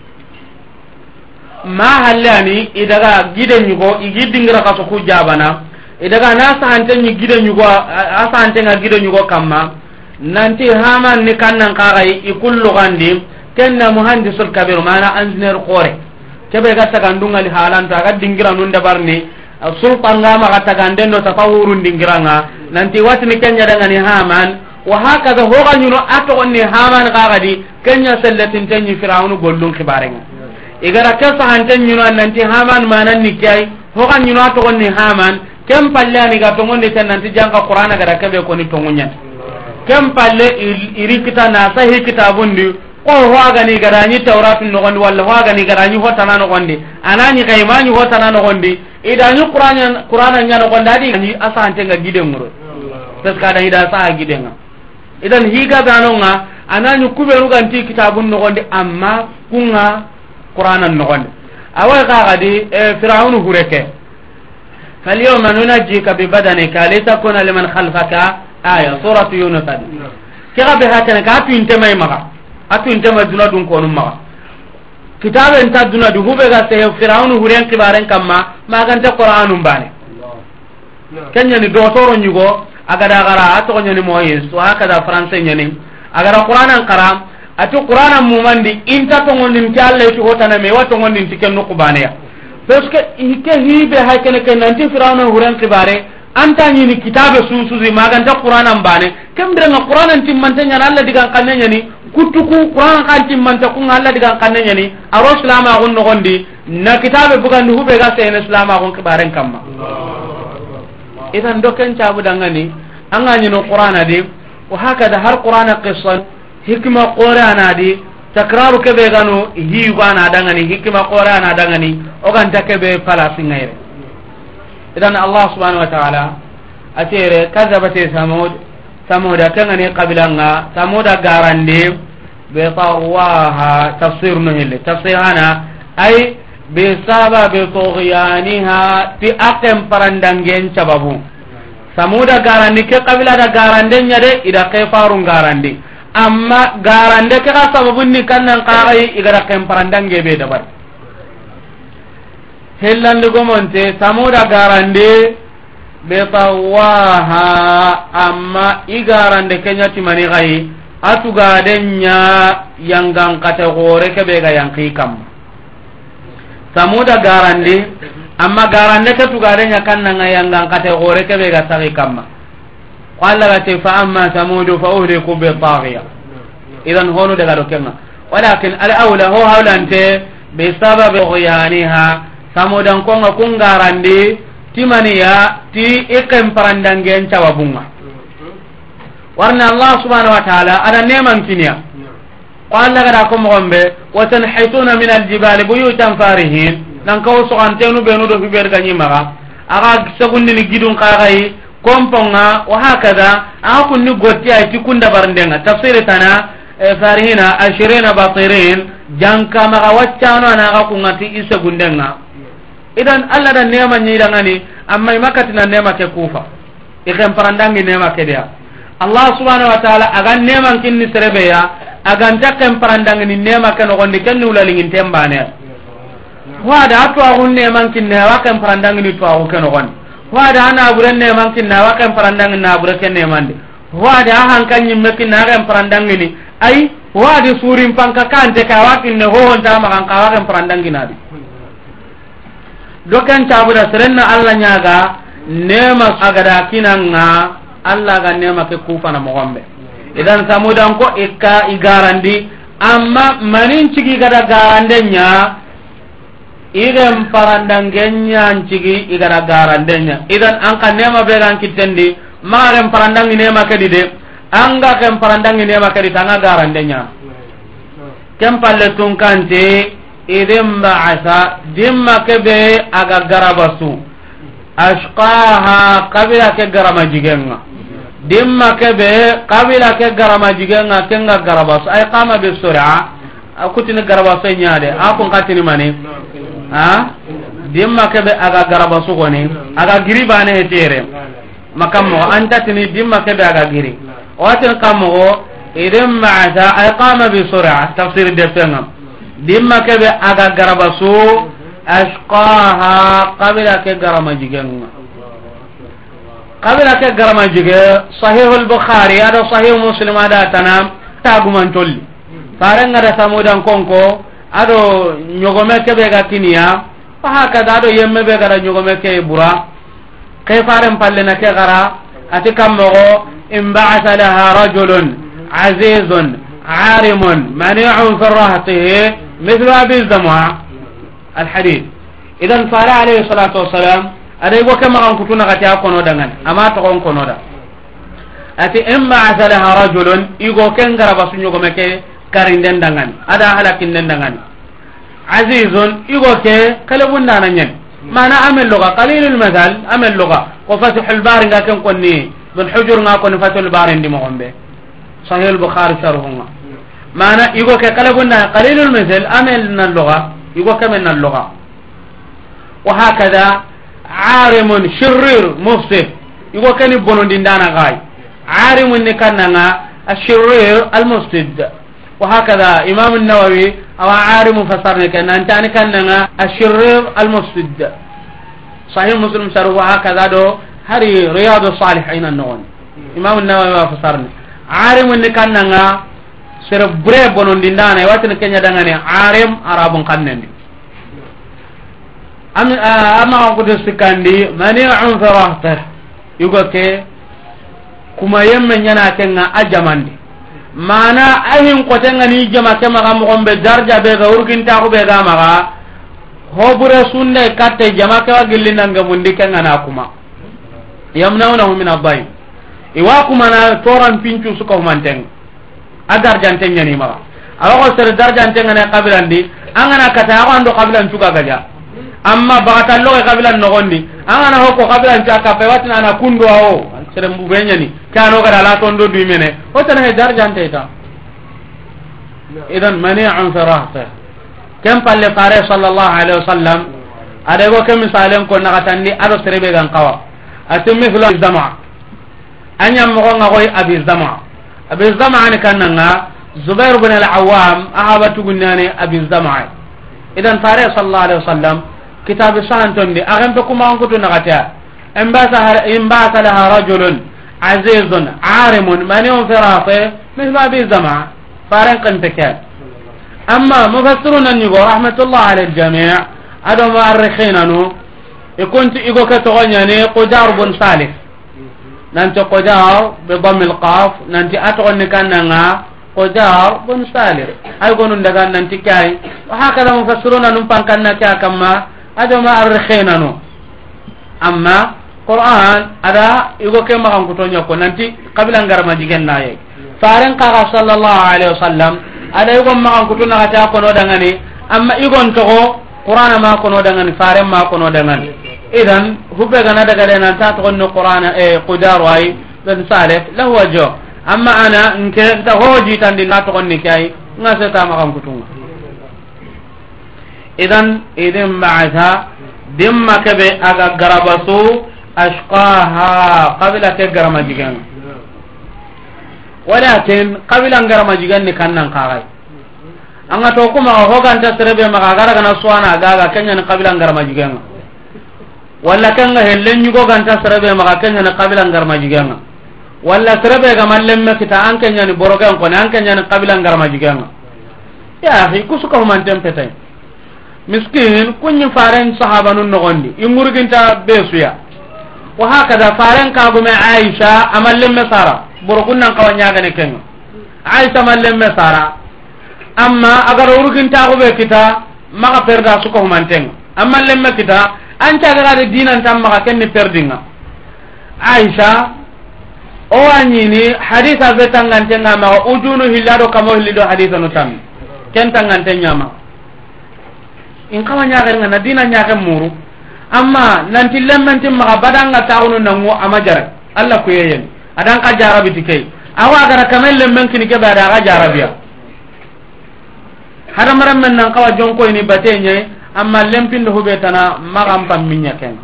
ma halle ani idaga gide ñugo igi dingira ka soku jabana idaga na sahante ñi gide ñugo a sahantenga gide ñugo kamma nanti haman ni kannan kaxay i kullugandi ken na muhandisul kabir mana engineur kore keɓe ga tagandungani halanto aga dingira nun debarni sulpangamaga taganden no tafa wurundingiranga nanti watini kenñaɗangani haman wa hakaza hoxañuno a toxonni haman xaxadi kenña selletinteñi firaunu gollun xibarenga igara ke saxanteñino a nanti haman manan ni ke ay hoxañuno a toxonni haman ken palle aniga toŋonni ten nanti janga qur'an agara keɓe koni toŋuñan ken palle iri kita nasahi kitabundi ko hoagani garañi tawrat nogondi walla hoagani garañi hotana nogondi anani kaymañi hotana nogondi idañi qurana ña nogondi adii a saantenga gidenguro parce que adañida saha gidenga idan higaganonga anañi kuɓenu ganti kitabun nogondi amma kunga qurana nogondi awa kaxadi e, firaunu hureke falyauma nunajika bibadanika alitakuna liman halfaka aya suratu yunus adi ke xa ɓe xa kene ka tuintemay maxa akintema duna dun konum maga kitabe nta duna du hube ga sehe firaunu huren kibaren kamma magante qur'anum bane kenyani dotoro nyugo agada gara atoko nyani moyes wa kada france nyani agara qur'anan qaram atu qur'anan mumandi inta to ngondi mti alle to hotana me wato ngondi tike nuku bane ya parce que ike hibe ha kene ken nanti firaunu huren kibare anta nyini kitabe susuzi magante qur'anan bane kembre na qur'anan timmante nyana alle digan kanne nyani kuttuku qur'an kan timmanta kun Allah diga kanne nyani aro islam agun no gondi na kitabe bukan du hube ga sene islam agun kibaren kamma idan doken tabu dangani anganyi no qur'an adi wa hakada har qur'an qissan hikma qur'an adi takraru kebe gano hi wana dangani hikma qur'an dangani o kan takebe pala singaire idan Allah subhanahu wa ta'ala atere kadzabati samud samuda kengani kabilanga samuda garande be tawaha tafsir no hille tafsir ana ay be saba be toghyaniha ti aqem parandangen cababu samuda garande ke kabila da garande nyade ida ke faru garande amma garande ke ka sababu ni kannan qarai igara kem parandange be dabar hellandi gomonte samuda garande betawaha amma igarande keñatimani xayi atugadenya yangankate xore keɓega yanki kamma samuda garandi amma garande ke tugadenya kannanga yangankate xore keɓega saxi kamma ko allahgate fa amma samudu fa uhriku betaria idan honu degaɗo kenga walakin ala aula ho hawlante besababe oyaniha samudankonga kungarandi timaniya ti ikem parandangen cawabunga warna allah subhanahu wa taala ada neman kiniya ko allah gada ko mo gombe wa tanhituna min aljibali buyutan farihin nan ko so antenu be no do fi ber ganyima ga aga sagunni ni gidun kharai komponga wa hakada aga kunni gotti ay ti kunda barndenga tafsir tana e, farihina ashirina batirin janka ma ga waccano na ga kunati isagundenga idan allah da nema ñiiragani amma makatina nema ke kuufa ixemparandangi nema ke deya allah subhanau wa taala agan nemankinni serebeya aganta kemparandangini nema ke nogondi ken niwulalingintem baneya hoada a twaxu nemankinne awa kemparandangini twaxu ke nogondi hoada a naɓure nemankinne awa kemparandangi naɓure ke nemandi hoade a hanka ñimmekinne a kemparandangini ay hoadi surinpanka kante ke awakinne hohontamaxanka awa kemparandanginadi dokan cabuda serenna allah ñaga nema agada kinanga allah ga nema ke kufana mogonɓe idan samudanko ikka igarandi amma manin cigi gada garandenya igen parandangenyancigi igada garandenya idan anka nema begankittendi magaken parandangi nema kedi de anga ken parandangi nema kedi tanga garandenya hmm. hmm. ken palle tunkante idin ba'asa dimma ke be aga garaba su ashqaha qabila ke garama jigenga dimma ke be qabila ke garama jigenga kenga garaba su ay qama be sura akutini garaba se nyaade akun katini mani ha dimma ke be aga garaba su goni aga griba ne e tere makam mo anta tini dimma ke be aga giri watin kam mo idin ma'asa ay qama bi sura tafsir de tenam dimma keɓe aga garaba so ashkaha kabila ke garama jigenga kabila ke garama jige sahihu lbukhari ado sahihu muslim ada tana taguman tolli farenga da samudan konko ado nyogome keɓe ga kiniya fahakada ado yemme ɓe gara nyogome ke bura ke faren palle na ke gara ati kammogo inbaasa laha rajulun azizun arimun maniun fi rahtihi مثل أبي الزمعة الحديد إذا صلى عليه الصلاة والسلام أدي وكما أن كتونا غتيا كونو دعنا أما تكون كونو دا أتي إما لها رجل إيغو كن غرب سنيو كمكي كارين دعنا أدا هلاكين دعنا عزيز إيغو كي كلبون دانا نين أنا أمل لغة قليل المثل أمل لغة وفتح البار كن كوني من حجر كن فتح البار دي مغنبه صحيح البخاري شرحه mana igo ke kala gunna qalilul mithl amel nan loga igo ke men nan loga wa hakada arimun shirrir mufsid igo ke ni bono dindana gai arimun ni kananga ashirrir almufsid wa hakada imam an-nawawi aw arimu fasarna ke nan tani kananga ashirrir almufsid sahih muslim sharu wa hakada do hari riyadus salihin an-nawawi imam an-nawawi fasarna arimun ni kananga sere bre bonondi ndana e watin kenya dangane arem arabun kannendi amaxakute sikkandi mani unferahte yugo ke kuma yemme ñana kenga a jamandi mana ahin kotengani jama ke maga mogonɓe darja ɓega urgintaku ɓega maga hobure sunde katte jama kewa gillinange mundi kengana kuma yamnaunahu min abbayi iwa kumana toran pincu suka humantenga a gardianten ñanimaxa awaxo sere gardiantengene kabilandi angana kata axo ando kabilan cuga gaja amma baxatalloxe kabilan noxondi angana hokko kabilan cu a kappa watinana kundo awo sere mbube ñani canogada ala tondo duy mene o senexe gardianteta idan manian firase ken palle pare sal llah alayh wa sallam adego ke misalen ko naxatandi aɗo sere ɓegan kawa atimihlo zama a ñammoxonga xoy abi zama أبي كان كأننا زبير بن العوام أهابة قلنا أبي زمعة إذا فارس صلى الله عليه وسلم كتاب سانتون دي أغم تكما أنكتو إن إنباث لها رجل عزيز عارم من يوم فراقه مثل أبي زمعة فارق انتكال أما مفسرون أن رحمة الله على الجميع هذا مؤرخين أنه يكون تيغو كتغنيني قجار بن صالح nanti kojar be bamil qaf nanti atoni kananga kojar bon salir ay gonun daga nanti kai wa hakala mufassiruna num pankanna ta kama ajama arkhina no amma qur'an ada igo ke ma ko tonya ko nanti kabila ngarma digen naye faran qara sallallahu alaihi wasallam ada igo ma ko tonna ta ko no dangani amma igon to ko qur'an ma ko no dangani faran ma ko no dangani idan hube gana daga de nan ta togon no ay lahu wajhu amma ana nke ta hoji tan din ni nga se ta makan kutunga idan idan ma'ata dimma kebe aga garabasu ashqaha qabla ke garama jigan walakin qabla garama jigan ni kannan qaray anga to kuma hoganta serebe maga gara kana suwana aga kenya ni qabla garama jigan walla kenga hellen ñugo ganta serebe maga keñani kabila ngarmajigenga walla serebe gamallenme kita an keñani borogen koni an keñani kabila ngarmajigenga yaahi kusukahumanten petay miskin kuñi faren sahaba nu nogondi imuriginta besuya wahakada faren kagume aisha amallenme sara borogun nan kawa ñagane kenga aisha mallenme sara amma agara urugintagube kita maga perda sukahumantenga amallenme kita ancagarade dinantanmaga kenni perdinga aisa owañini hadis a fe tangantenga maga ujunu hillado kamo hillido hadisa no tami ken tangante ñama in kama ñagerga na dina ñaken muru amma nanti lemmentin maga badanga taxunu nangu ama jare allah kuyeyen adanka jarabiti key awa gara kamen lemmen kini kebe ada aga jarabiya hadamaren men nan kawa jonkoyni bateñayi amma lempinde huɓetana maxan pammiña ken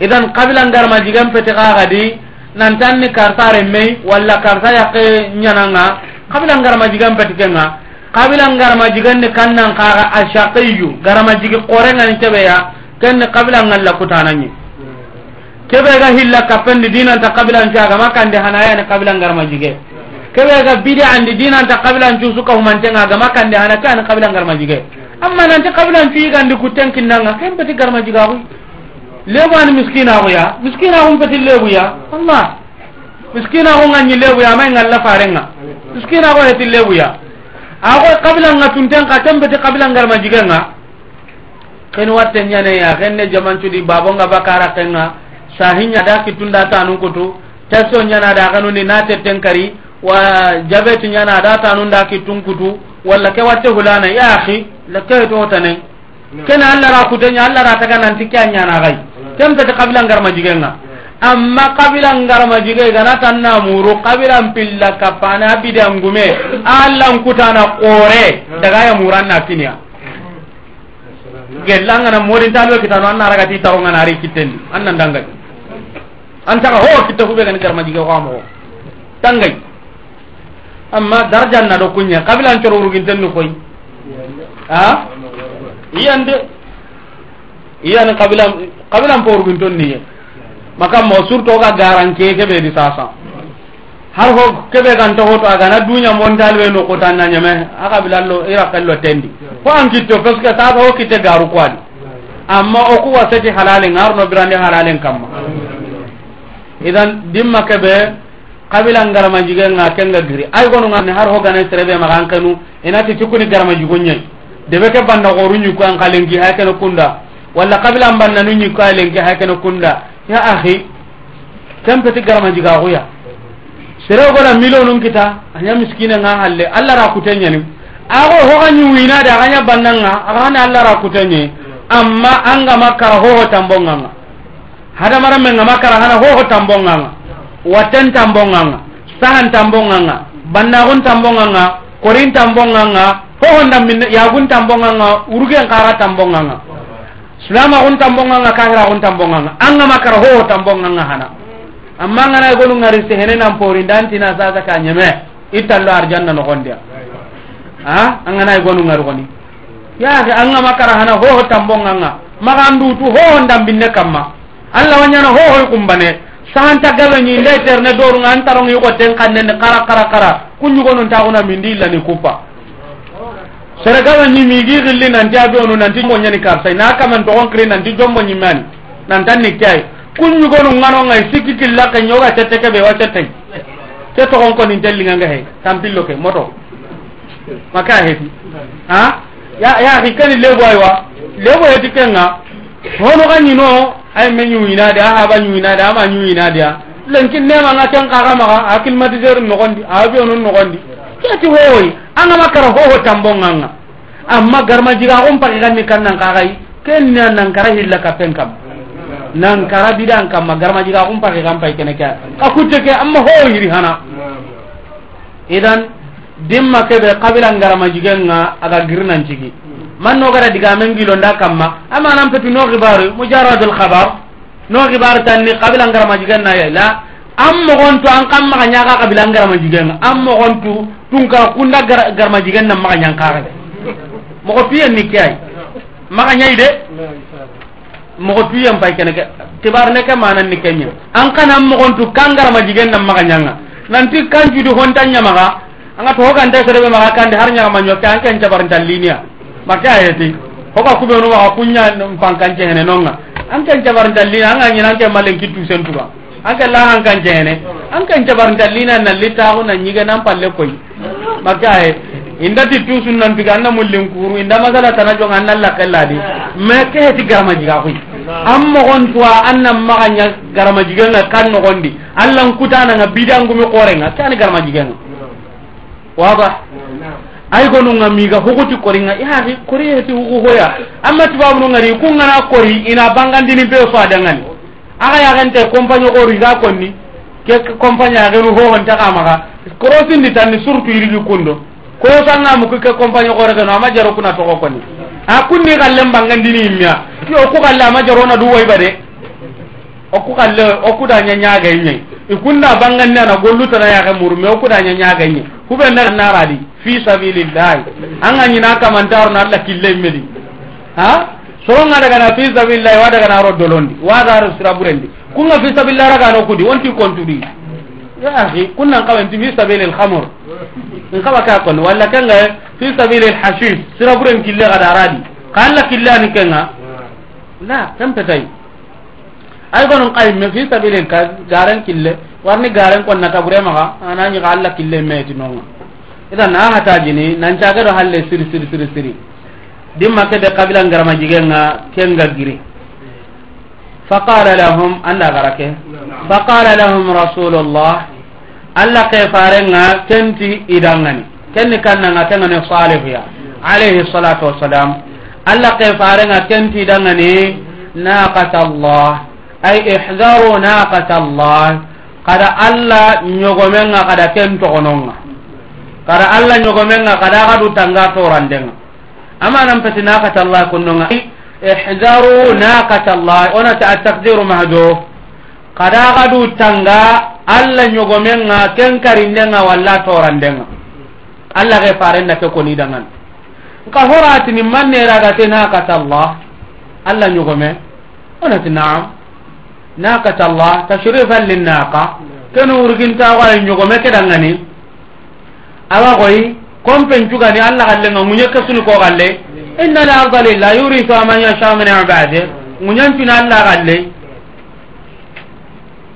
idan kabilan garma jigen pete kaxadi nantan ni karta remmei walla karta yakke ñananga kabilan garma jigen pete kenga kabilan garma jigen ni kannan kaxa ashaqiyu garma jigi korengani keɓeya ken ni kabilan ngalla kutanañi keɓe ga hilla kappendi dinanta kabilan cagama kandi hanayani kabilan garma jige keɓe ga bidi andi dinanta kabilan cusuka gama hana ke ani kabilan garma amma nanti kabna fiigandi kuttenkinnanga ken peti garma jigaaxuy leebu ani miskinaaxuya miskinaaxun peti leebuya alla miskinaaxunga ñi leebuya amay ngalla farenga miskinaaxu heti leebuya axo kabilanga tuntenga ken peti kabilan garma jigenga ken watte ñaneya xen ne jamancudi babonga bakara kenga sahiñada kittunda tanun kutu testo ñanada xenundi na tettenkari wa jabeti ñana da tanunda kittun kutu walla ke watte hulana yaaki keetootanen kene allara kuteñe allara taga nanti ke a ñanaxay kem peti kabila ngarma jigenga amma kabila ngarma jigey gana tan namuru kabila pilla kapane a bide an ngume a allankutana qoore daga yamura anna kinia gellangana moɗintaalwe kitano anna ragati taronngana ari kittendi annandangay an taga ho kitta fuɓe gani garma jige xoamoxo tangay amma daraja na dokunya kabila ancoro urugin tan ni koy ha iyan de iyan kabila kabila ampo urugin tan ni maka mo surto ga garanke ke be di sasa har ho ke be ganto ho to aga na dunya mon dal we no kota na nyame aga bilallo ira kallo tendi ko an kitto feska ta ho kitte garu kwani amma o ku wasati halalen arno birande halalen kamma idan dimma ke be kabila ngarama jige nga kenga giri ay gonu nga ne har hogane serebe ma kan kanu enati tukuni garama jigo nyen debe ke banda ko runyu ko an kalen gi hay kana kunda wala kabila banda nunyu ko kalen gi hay kana kunda ya akhi tempe ti garama jiga ko ya sere ko na milonun kita anya miskine nga halle alla ra kutenya ni ago hoganyu wina da anya banda nga agana alla ra kutenye amma anga makara ho ho tambonga hada mara menga makara hana ho ho tambonga watten tambonganga sahan tambonganga bannagun tambonganga korin tambonganga fohondamin yagun tambonganga urugen kara tambonganga sulamagun tambonganga kangiragun tambonganga angamakara hoho tambonganga hana amma ngana gonu ngarisi hene nan pori dantina saga ka nyeme itallo arjanna no gondia ha angana gonu ngar goni ya ga anga makara hana ho ho tambonganga maga ndu tu ho ndambinne kamma alla wanyana ho ho kumbane sahanta gabe ñi nda terne doru nga antaro ngi ko ten kan nen kara kara kara kunyu ko non taguna min dilla ni kupa sere gabe ñi mi gi gilli nan ti abi onu nan ti mo nyani kar sai na kam en dogon kre nan ti jombo ñi man nan tan ni kay kunyu ko non ngano ngai sikki killa ka nyoga tete ke be wa tete te to kon ko ni telli nga ngai tan pillo ke moto maka hefi ha ya ya hikani lebo aywa lebo hedi kenga hono ga ñino ay me ñuuñinade a haɓa ñuuñinade ama ñuuñinadea lenkin nemanga ken kaxamaxa a climatiseur noxondi avionum noxondi keti howoy angama kara howo tambonganga amma garma jigaxum paxi ganni kannan kaxay kenna nankara xilla kapen kam nankara ɓidan kamma garma jigaxum paxi xan pay kene ke a kutte ke amma howo yiri xana idan dimma keɓe xabila ngarama jigenga aga girnan cigi man no gara diga men gilo nda kamma ama nan petu no gibaru mujarrad al khabar no gibar tan ni qabila ngara majigan na la am mo to an kamma kanya ka qabila ngara majigan am mo gon tun ka kunda gar majigan na ma kanya ka mo ko piyen ni kay ma ide mo ko piyen pai kene ke tibar ne ka manan ni kenya an kana mo gon tu na ma nanti kan judu hontanya maga anga to kan ta sere maga kan har nya ma nyoka an ken jabaran tan marke ayeti foka kuɓenu waxa kuña pankancehene noga anke jabarndalli angañina anke malleng kittu sen tuga anke lahankancehene anke jabarndallina nalli taxu na ñige nan palle koy marke aye inda tittu sunnantiga anna mullinkuru inda masala tana jonga anna lakelladi ma keheti garama jiga koy an moxontuwa anna maxaña garama jigenga kan noxondi allan kutananga bidangumi qoorenga ke ani garama jigenga wada ay gonunga miga hokoti koringa iha kori yeti huku hoya amma tubabu nunga ri kunga na kori ina bangandi ni beso adangani aga ya gente kompanyo kori za konni ke kompanya ya genu hoho ntaka amaka korosi ndi tani surtu iriki kundo koyo sanga muku ke kompanyo kore geno ama jaro kuna toko konni akunni kalle bangandi ni imya yo ku kalle ama jaro na duwa ibade oku kalle oku da nyanya ga inye ikunda bangandi na gollu tara ya ga murume oku da nyanya ga inye kube ndar naradi fi sabilillahi anga nyina kamantar na Allah kille medi ha soro nga daga na fi sabilillahi wada gana ro dolondi wada ro sira burendi kunga fi sabilillahi raga no kudi wonti kontudi ya akhi kunna qawa fi sabilil khamr in qawa ka kon walla kanga fi sabilil hashish sira buren kille ga daradi qalla kille an kenga la tam tatay ay gonon qaim fi sabilil ka garan kille warni garen kon nata bure maka anani ga alla kille meti non ida na hata jini nan caga do halle sir sir sir sir dimma ke de kabila ngara ma jigenga ken ga giri faqala lahum anda garake faqala lahum rasulullah alla ke farenga kenti idangani ken kanna ngata ngane salih ya alayhi salatu wassalam alla ke farenga kenti idangani naqata allah ay ihdharu naqata allah kada allah ñogomenga kada ken toxononga kada allah ñogomenga kada xadu tanga torandenga amanan peti nakatallah kunnonga ihdaru nakatallah onati attakdiru mahdo kada xadu tanga allah ñogomenga ken karindenga walla torandenga allah xe farenna ke konidangan nka horatini mannerada te nakatallah allah ñogome onati naam naka talla ta shirifan lin naka kenu urgin ta wa nyugo meke dangani awa goyi kompen juga ni Allah halle ngam munye kasuni ko galle inna la arda lillahi yurithu man yasha min ibadihi munyan tin Allah galle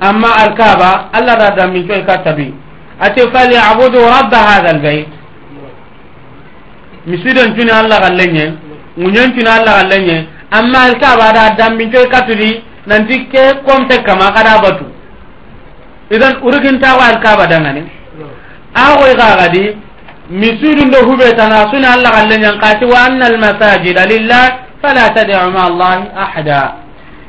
amma alkaba Allah da dami to katabi ate fali abudu rabb hadha albayt misidan tin Allah galle nye munyan tin Allah galle nye amma alkaba da dami to katuli nanti ke compte kama kada batu idan urugin ta wa alka badanga ne awo ga ga di misudun do hube tana suna alla galle nyang kati wa anna al masajid lillah fala tad'u ma allah ahada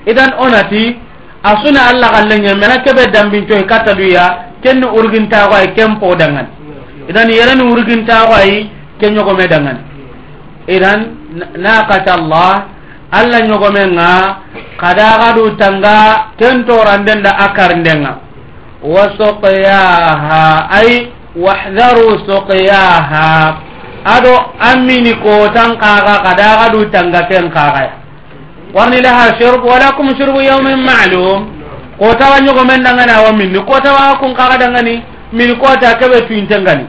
idan onati asuna alla galle nyang mena ke be dambin to e kata duya ken urugin ta wa ken po dangan idan yeren urugin ta wa ken nyogo me dangan idan naqata allah allah ñogomenga kada xaɗutanga ten toranden da a karndenga wa soqyaha ay waxdaru soqyaha aɗo amini kotan kaga kada xaɗutanga ten kagaya warni laha shurbu walakum shurbu yaumin maalum kotawa ñogomen dangani awa minni kotawa kun kaga dangani min kota keɓe tuintengani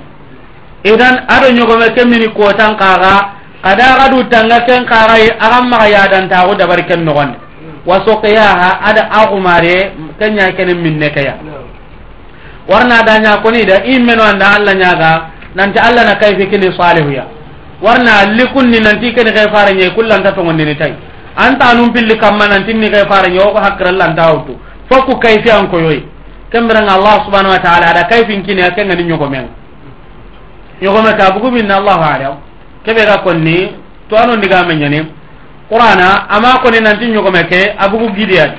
idan aɗo ñogome ke mini kotan kaga kada gadu tanga ken qarai aram ma ya dan ta goda bar ken nogon wa suqiyaha ada aku mare ken ya ken minne kaya warna danya koni da immeno anda Allah nyaga nanti Allah na kaifi kini salihu ya warna likunni nanti ken kay fara nyi kullan ta tongon ni tay anta anum pilli kamman nanti ni kay fara nyi ko hakra Allah nda wutu foku kaifi an ko yoy kamran Allah subhanahu wa ta'ala ada kaifin kini ken ngani nyoko men nyoko men ka bugu binna Allah alahu keɓeta konni toano ndigame ñani qurana ama koni nanti ñogome ke a bugu gidiyat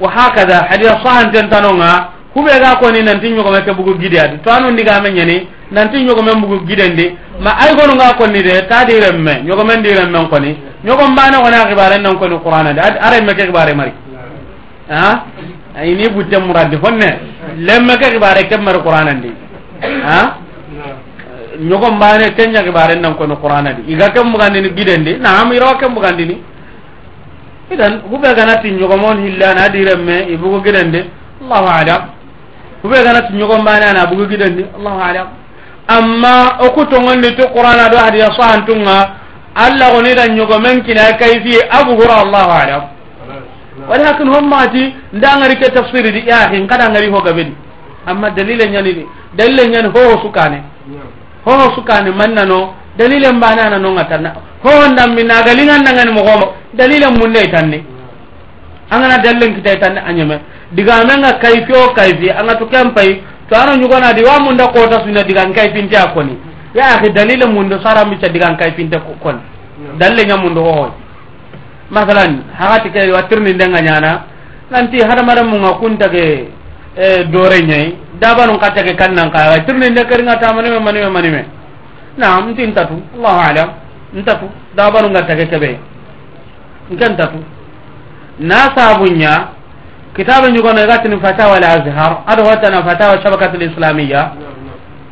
wa hakada hadia sahanten tanonga kuɓega koni nanti ñogome ke bugu gidiyat toano ndigame ñani nanti ñogome bugu gidendi ma ay gonunga konni de tadi remme ñogomen di remmen koni ñogom mbane kone a xibaren nan koni qurana de a remme ke xibare mari ini ah? butte muradi honne lemme ke xibare kem mari qurana ndi ah? ñogon mbane ke ñagibaren nankoni qurana di iga ken bugandini gidendi naam irawa ken bugandini idan huɓe ganati ñogomon hillana diren me i bugu gidendi allahu alam huɓe ganati ñogo mbane ana bugu gidendi allahu alam amma oku togondi ti qurana do hadiya sohantunga allah gonidan ñogomen kina kayfi abugura allahu alam walakin hon maati ndangari ke tafsiri di yaahi nkadangari hogabedi amma dalile ñanidi dalile ñani hoho sukane hoho sukani mannano dalilen mbaneana nongatanna hoho ndambi nagalingandangani mogomo dalilen munde tanni angana dallenkita tanni añeme digamenga kayfi o kayfi anga to ken pay to ano ñugonadi wa munda kota suna digan kayfinte a koni ya ahi dalile munde sarambica digan kayfinte kon dalleñamundu hoho masalan hakati ke wattirni ndenga ñana nanti hadamadamunga kuntage E dore ñayi dabanu ngatake kan nan kaaga tirni ndekeringa ta manime manime manime nam nti ntatu allahu alam ntatu dabanu ngatake kebe nke ntatu na sabunya kitabu ñugono igatini fatawa al azhar ado watana fatawa shabakat al islamiya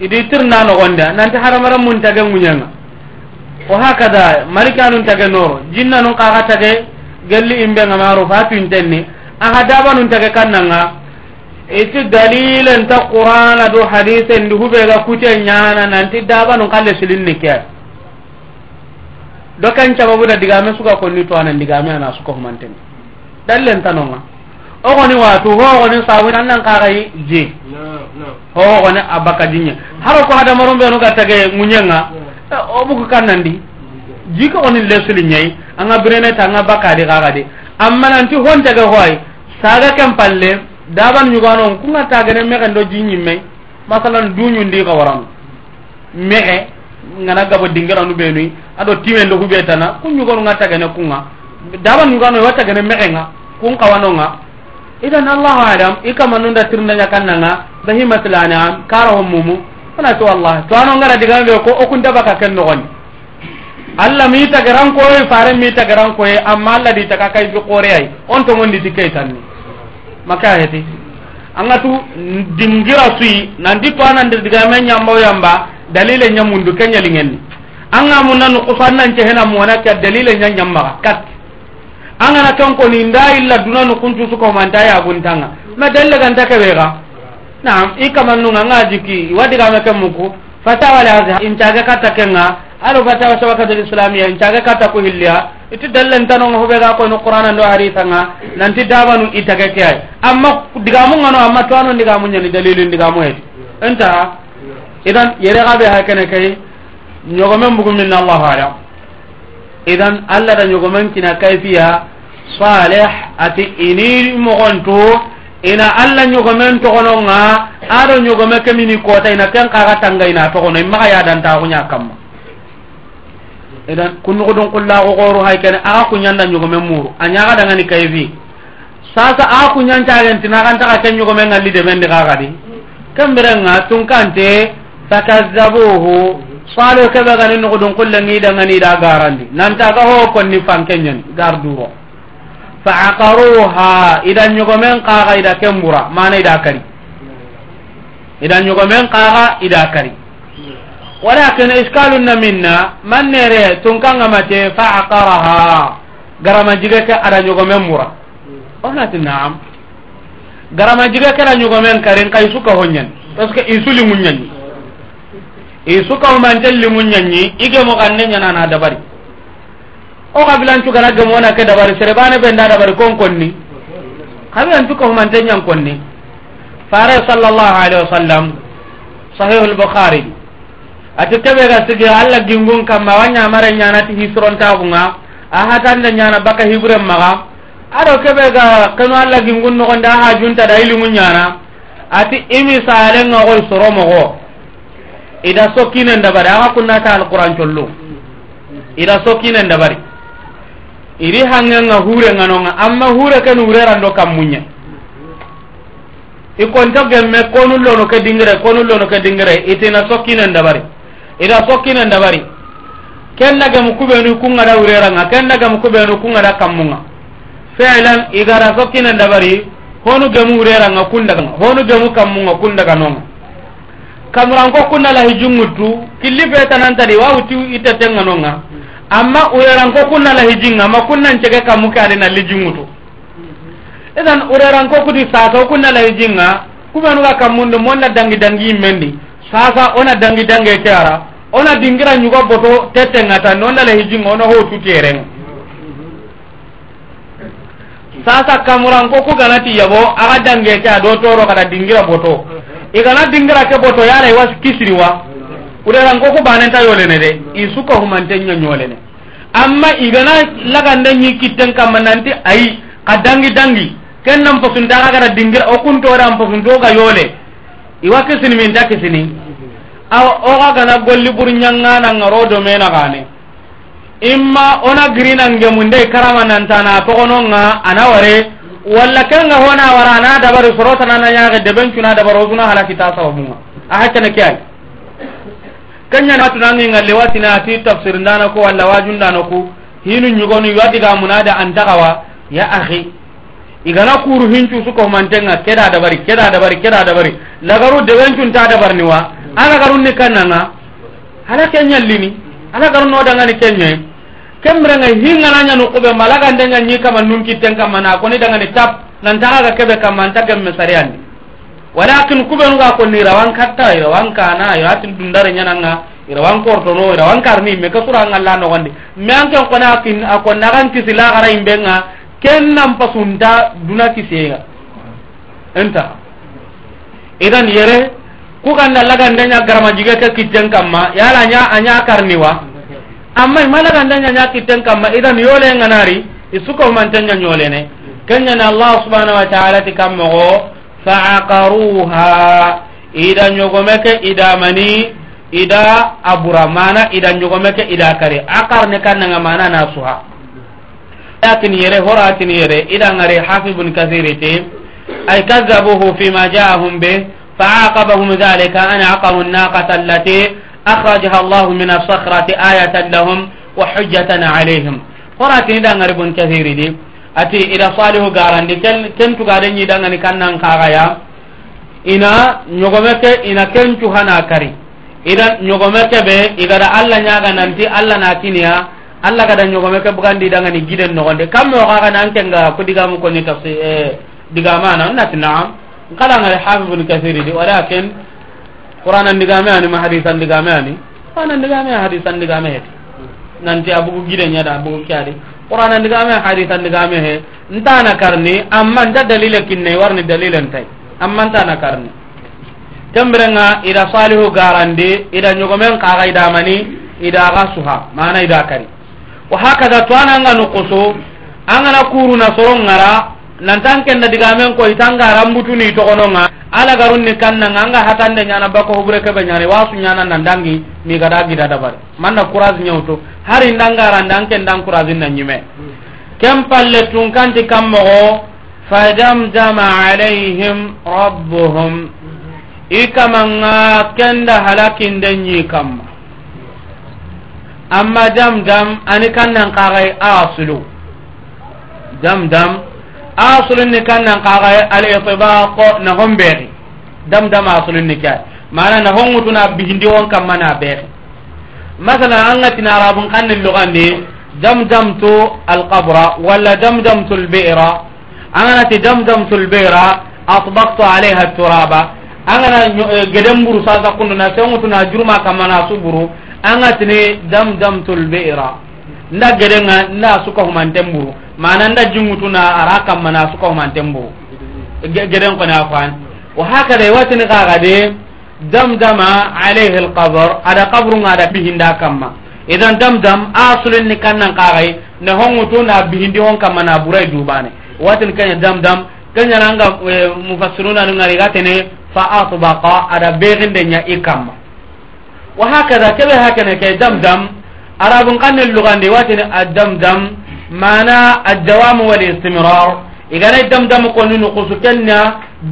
idi tirna nogonda nanti haramaran mun tage ŋuñanga o hakada malikanun tage noro jinna nun kaaga tage gelli imbenga maarufa tuntenni aha dabanun tage kan nanga iti dalilen ta qur'ana do hadise ndi hubega kute nyana nanti daba no kalle silin ni kiyai dokan caba buda digame suka ko ni tuana digame ana suka humanten dalilen ta nonga o goni watu ho goni sawin annan kakai je ho goni abaka jinye haro ko hada marumbe no gatage munyenga eh, o buku kanandi jika onin lesuli nyai anga birene ta anga bakade kakade amma nanti hon jaga hoai saga kempalle daban ñugano ku ga tagene mexe do jiñimme masalan duñu ndi xawaranu mexe ngana gabo dingeranu ɓenuy aɗo time ndoku ɓetana ku ñugonuga tagene kuga daban ñugano wa tagene mexe ga ku xawanoga idan allah alam i kamanu da tirna ñakannaga bahimatlane am karaho mumu ana to wallah to ano ngara diga be ko o kun daba ka ken no gon alla mi ta garan ko e fare mi ta garan ko e amma alla di ta ka kay bi qore ay on to mon di tikay tanni makaheti angatu dimgira suyi nandi to anandir digame ñambo yamba dalile ñamundu ke ñalingenni anga mu nanu kusannance hena mona ka dalile ña ñammaxa kat angana ken koni nda illa duna nu kuncu sukomanta yaguntanga ma dalile ganta keɓexa nam i kamannunga anga jiki wa digame ke muku fatawalaasi incaage katta kenga alo fatawa sabakatel islamia incaage katta ku hilliya itu iti dallentanoga huɓega koyno qurana ndo haritanga nanti dabanu itage ke ay amma digamungano amma toano ndigamuñani dalilu ndigamu ya. enta idan yere gabe ha kene kay ñogomen buguminna allahu ala idan allah da ñogomen kina kayfiya salih ati ini mogontu ina allah ñogomen togononga aro ñogome kemini kota ina ken kaga tanga ina togono dan yadantaxuña kamma edan kunnugudun qullaaku qooru hay kene axa kuñanda ñugomen muuru a ñaaxadangani kay fi sasa axa kuñancaagentinaxantaxa ke ñugome ngalli demendi xaxadi kem mbirenga tunkante fakazabuhu saalo keɓegani nugudun qullengiidanganiida garandi nantaaga ho konni fankeñani gar duro faakaruha ida ñugomen qaaxa ida kembura mana ida kari ida ñugomen qaaxa ida kari walakin iskaluna minna man nere tunkangamate fa aqaraha garama jigeke ada ñogomen mura onati naam garama jigeke ada ñogomen karin kay suka hoñen parce que isu limuñañi isu kahumanten limuñañi igemo ganne ñanana dabari o kabilancu gana gemonake dabari serebane benda dabari kon konni kabilancu kahumanten ñan konni fare sallallahu alaihi wasallam sahihu lbukhari ati keɓega sigi allah gingun kamma awa ñamare ñanati hisrontagunga ahatande ñana bakka hiburen maga aɗo keɓega keno allah gingun nogonde a hajuntaɗa ilimu ñana ati imisalenga koy soromogo ida sokkinen dabari aga kunnata alquran collu ida sokkinen dabari iri hangenga hurenga noga amma hure ken wurerando kam muñe i konto gemme konullonoke dingire konullonoke dingire itina sokkinen dabari ida kokkinen dabari ken dagemu kuɓenu kunga da wureranga ken dagemu kuɓenu kunga da kammunga felan igara kokkinen dabari honu gemu wureranga kundaga honu gemu kammunga kundaga nonga kamuranko kunnalahi jinŋuttu killi fetanantadi wawuti itetenga nonga amma ureranko kunnalahi jinŋa ma kunnancege kammuke ani nalli jinŋutu idan ureranko kudi sasa kunnalahi jinŋa kuɓenuga kammundu monna dangi dangi yimmendi sasa ona dangi dange ke ara ona dingira ñugo boto tettengata ni ondale hijinga ona ho tuti erenga sasa kamuran ko ku ganati yabo aga dange ke a do toro kata dingira boto igana dingira ke boto yala iwa kisiriwa uderan ko ku banenta yolene de isuka humante nya nyolene amma igana lagande nyi kitten kam nanti ai kadangi dangi ken nam fasun daga gara dingira o kun to ram fasun to ga yole iwa kisini min da kisini oxa gana golli bur ñanganangar o domenaxane imma ona girinangemu ndey karama nantana toxononga ana ware walla ke nga hona wara ana dabari sorotanana ñaxe debencuna dabar o suna halakita sababunga a xaccana ke ay kañanatunangingalle watine ati tafsir ndanaku walla wajundanaku hinu ñugonu yadigamunade antaxawa ya axi igana kuru hincu sukohumantenga keda dabari keda dabari keda dabari lagaru debencunta dabarniwa ala garun ni kananga ala kenyallini ala garun odanga ni kenyoy e. kemre nga hinga na nyanu kube malaga ndenga nyi kama nun kiten kama na koni danga ni tap nan ta ga kebe kama nta gam mesariani walakin kube nga ko ni rawan katta rawan kana yo atin dundare nyananga rawan korto no rawan karni me kasura ngalla no wandi me anke ko na kin ko na kan kisi la gara imbenga ken nam pasunta duna kisi e enta idan yere ku ganda laganda nya garama jiga ke kitten kamma yala nya anya karniwa amma ima laganda nya nya kitten kamma idan yole nganari isuko man tanya nyole ne kenya na allah subhanahu wa ta'ala ti kammo go fa aqaruha ida nyogome ke ida mani ida abura mana ida nyogome ke ida kare akar ne kan nga mana nasuha lakin yere horatin yere ida ngare hafibun kathirite ay kazzabuhu fi ma ja'ahum bih فعاقبهم ذلك أن عقروا الناقة التي أخرجها الله من الصخرة آية لهم وحجة عليهم ولكن إذا غرب كثير دي أتي إلى صالح قارن دي كنت قارن يدان أني كان نانقاغيا إنا نغمك إنا كنت هناكري إذا نغمك بي إذا الله نياغا ننتي الله ناكينيا الله قد نغمك بغان دي دان أني جيدن نغن دي كم نغاغن أنك نغا كو ديغامو كوني تفسي ديغامانا نتنعم nkalangare hafibun kasiri di walakin quran a ndigame ani ma hadis a ndigame ani quran a ndigame hadis a ndigame heti nanti abugu gide ñada abugu kiadi quran a ndigame hadis a ndigame he ntana karni amma nta dalile kinnei warni dalile ntai amma ntana karni tembirenga ida salihu garandi ida ñogomen kaaxa idamani ida xa suha mana ida kari wa hakada to ananga nukusu angana kuru na soron ngara nantan ken na diga men ko itanga rambutu ni to ono nga ala garun ni kan nga nga hatande nyana bako hubre ke be nyare wasu nyana nandangi mi gada gida da bare man na kuraz nyoto hari ndanga ran dan ken dan kuraz na nyime kem palle tun kan ti kam mo fa dam dama alaihim rabbuhum ikamanga ken da halakin den nyi kam amma dam dam ani kan nan kare asulu dam dam asulin ni kan nan kaga al itibaq na hombe dam dam asulin ni kay mana na hongutu na bihindi won kam mana be masala an ati na arabun kan ni lugande dam dam to al qabra wala dam dam tul bi'ra ana ti dam dam tul bi'ra atbaqtu alayha turaba angana eh, gedem buru sa sa kunna sewutu na juruma kam mana suburu angatini dam dam tul bi'ra nda gedenga nda suka humantem buru mananda jingutuna ara kammana sukaumantenbo geden kone afan wa hakada watini kakade damdama alayhi alqabr ada qabrunga ada bihinda kamma idan damdam asulinni kannan kakay ne hongutuna bihindi hon kammana burai dubane watin kenya damdam kenya nanga e, mufassiruna nungari gatene fa atbaqa ada beginde nya ikamma wa hakada kebe hakene ke damdam arabun kanne lugande watin adamdam mana aljawamu wal istimrar igana dam dam ko ninu kusu kenya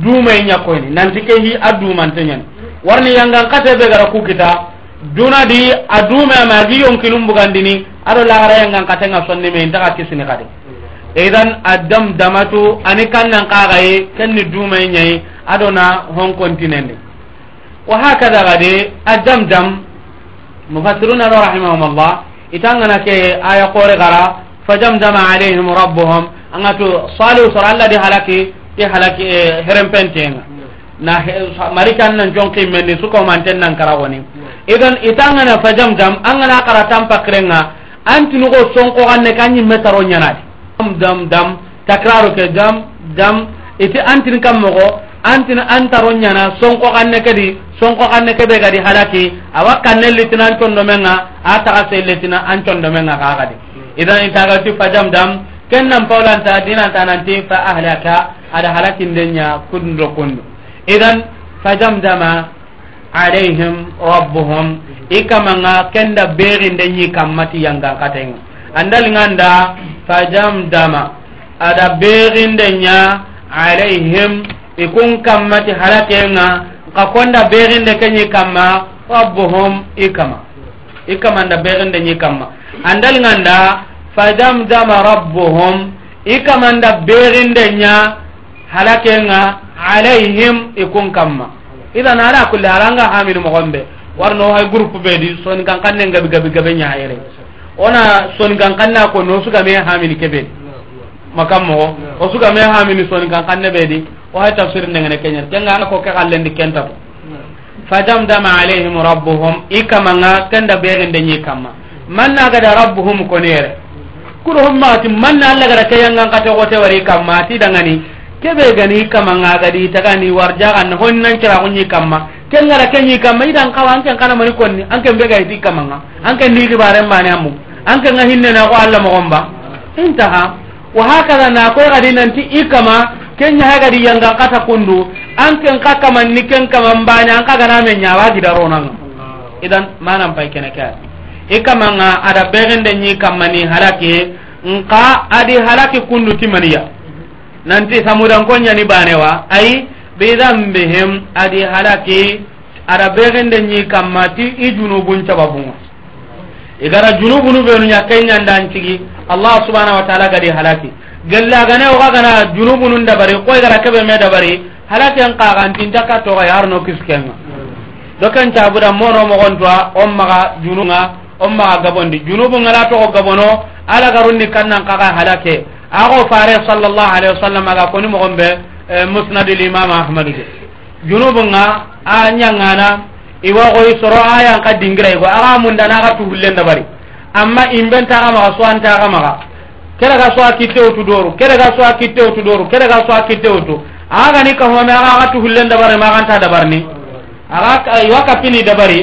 duma nya ko ni nanti ke hi aduma tanya warni yang gang kate be gara ku kita duna di aduma ma gi yon kilum bugandini aro la gara yang gang kate nga sonni me ndaka kisini kade idan adam damatu ani kannan kagaye kenni duma nya yi adona hong continent wa hakada gade adam dam mufassiruna rahimahumullah itangana ke aya kore gara fajamdama alayhim rabbuhum angato salu sor alladi halaki i halaki eh, herempentenga na marikan nan jonki menni suko manten nan karagoni idan itangana fajamdam angana qara tampa krenga anti no go sonko ganne kanyi metaro nyanadi dam dam dam takraru ke dam dam iti anti kam mogo anti na antaro nyana sonko ganne kadi sonko ganne kebe gadi halaki awakkan nelli tinan tondo menga ata aselle tinan antondo menga ka gadi idan itaga ti fajam dam ken nan paulanta dinanta nan ti fa ahlaka ada halakin denya kudun do kundu idan fajam dama alaihim rabbuhum ikamanga kenda berin denyi kamati yang ga kateng andal nganda fajam dama ada berin denya alaihim ikun kamati halakenga ka konda berin de kenyi kama rabbuhum ikama ikamanda berin denyi kama andal nganda fadamdama rabbuhum i kamanda ɓeerinde ña halakenga alayhim ikun kamma idan ala kulli haranga hamini mogonɓe warno hay groupe ɓeedi soni kan kanne gabi gabi gabe ñayere ona soni kan kanne ko no sugame hamini keɓeedi makam mogo o sugame hamini soni kan kanne ɓeedi o hay tafsiri ndegene keñer kenga ana ko ke xallendi kentato fadamdama alayhim rabbuhum i kamanga kenda ɓeerinde ñi kamma man naga da rabbuhum koni yere kurohum maati manna allah gara keyangankate xote wari kamma ati dangani keɓe gani kama ngagadi tagani warjaxanna honi nancirakuñi kamma ke ngara keñi kamma idan kawa anken kanamani konni anken ɓegayti kama nga anken ni xibaren mbane amum anke nga hinnene ko allah moxomba intaha wa hakada na koy gadi nanti i kama kenya hagadi yanga kata kundu anke nka kama ni ken kama mbane anka ganame ñawa gidaronanga idan manam pay kene ke i kamanga ada ɓexende ñi kammani halaki nka adi halaki kunduti maniya nanti samudanko ñani ɓanewa ayi bidambihim adi halaki ada ɓexende ñi kamma ti i junubun cababunga igara junubunu ɓenu ñake ñandan cigi allah subhanau wa taala gadi halaki gellagane oxa gana junubunu dabari koy gara keɓe me dabari halaken kaganti ntaka toxoy arno kiskenga doken cabudan monomoxontuwa on maxa junuga on maxa gabondi junubu ngala toxo gabono ala garundi kannan kaga halake axo fare sal llah alayi wa sallam aga koni moxon ɓe e, musnadi limam ahmadu de junubu nga a ñangana iwa xoy soro ayanka dingira yigo axa mundana axa tuhullen dabari amma imbentaxa maxa suwantaxa maxa kelega soa kitte wutu doru kelega soa kitte wutu doru kelega soa kitte wutu axa gani kafome axa xa tuhullen dabari maxanta dabarni aga iwa kapini dabari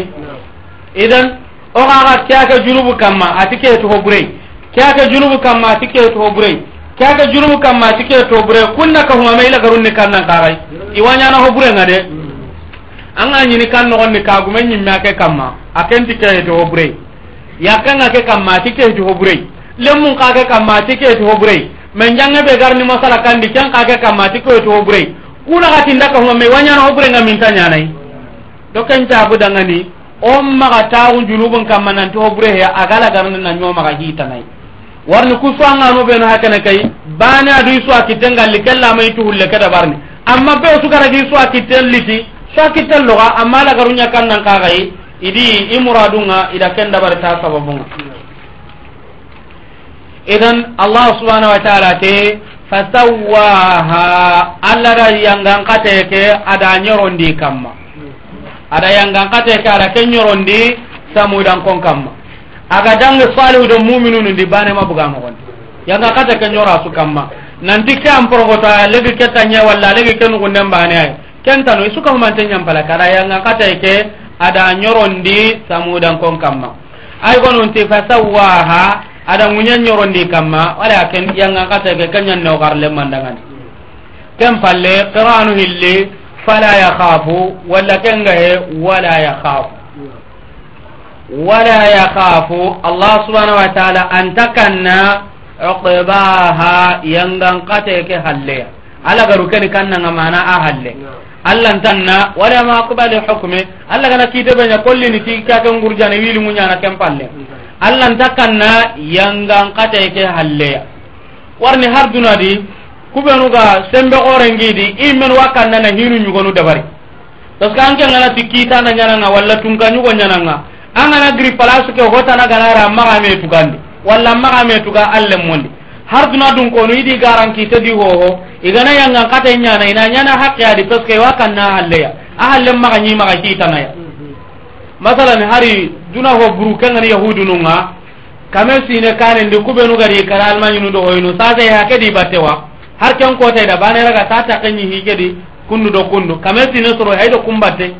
idan no. oxaxa keake junubu kamma ati keetuho burey keake junubu kamma ati keetuho burey keake junubu kamma ati keetuho burey kunna ka humame ila garunni kannan kaxay iwañanaho burenga de anga ñini kan noxonni kaagume ñimme ake kamma a kenti keetuho burey yakkenga ke kamma ati keetuho burey lemmun kaake kamma ati keetuho burey mais njange ɓe garni masala kandi ken kaake kamma ati keetuho burey kuna xatinda ka humame iwañanaho burenga minta ñanay do kencaabudangani on maga taxu junubun kamma nanti ho bure heya a gala garani na ñomaga hitanayi warni ku suwangano ɓeno ha kene kay bane adu i suwa kitten galli kellamayi tuhulle keda barni amma be sugaragi suwa kitten liti suwa kitten loga amma lagaru ñakkan nan kagayi idi i muradunga ida ken dabari ta sababunga idan allah subhanahu wa taala te fasawaha allah da yangan kateke ada nyorondi kamma ada yangan kate kara ken nyorondi samu dan kon kamma aga dang salu do mu'minun di bane ma buga mo kon yanga kate ken nyora su kamma nan dikke am progota lebi ketta nya walla lebi ken ko ndem bane ay ken tanu su ko man tan nyampala kara yangan kate ke ada nyorondi samu dan kon kamma ay gono unti fasawaha ada munyan nyorondi kamma wala ken yangan kate ke ken nyanno garle mandangan ken palle qira'anu hilli fala yakhafu walla kengahe wala yakhafu wala yakhafu allah subhanahu wa taala antakanna uqibaha yangankateke halleya alagaru keni kannanga mana a halle allah ntanna wala ma qubali hukme allah gana kiteɓeña kollini ti kake ngurjane wilimuñana ken palle allah ntakanna yangankateke halleya warni har dunadi kubenuga sembe orengidi imen wakkandana hinu ñugonu dabari parce que anke ngana ti kitana ñananga walla tunka ñugo ñananga a ngana gri place ke hotana ganara maxame tugandi walla maxame tuga allem mondi har duna dun konu idi garan kite di hoho igana yanga kata nyana ina nyana haqqi adi parce que waka na halle ya ahalle maga nyi maga kita na ya masalan hari duna ho buru kanga ni yahudu nunga kame sine kane ndi kube nu gari kala almanyu ndo hoyno sase ya ke di batte wa har kenkotayda baneraga ta taqeñihi kedi kundu do kundu kame tine soro hayɗo kumbatte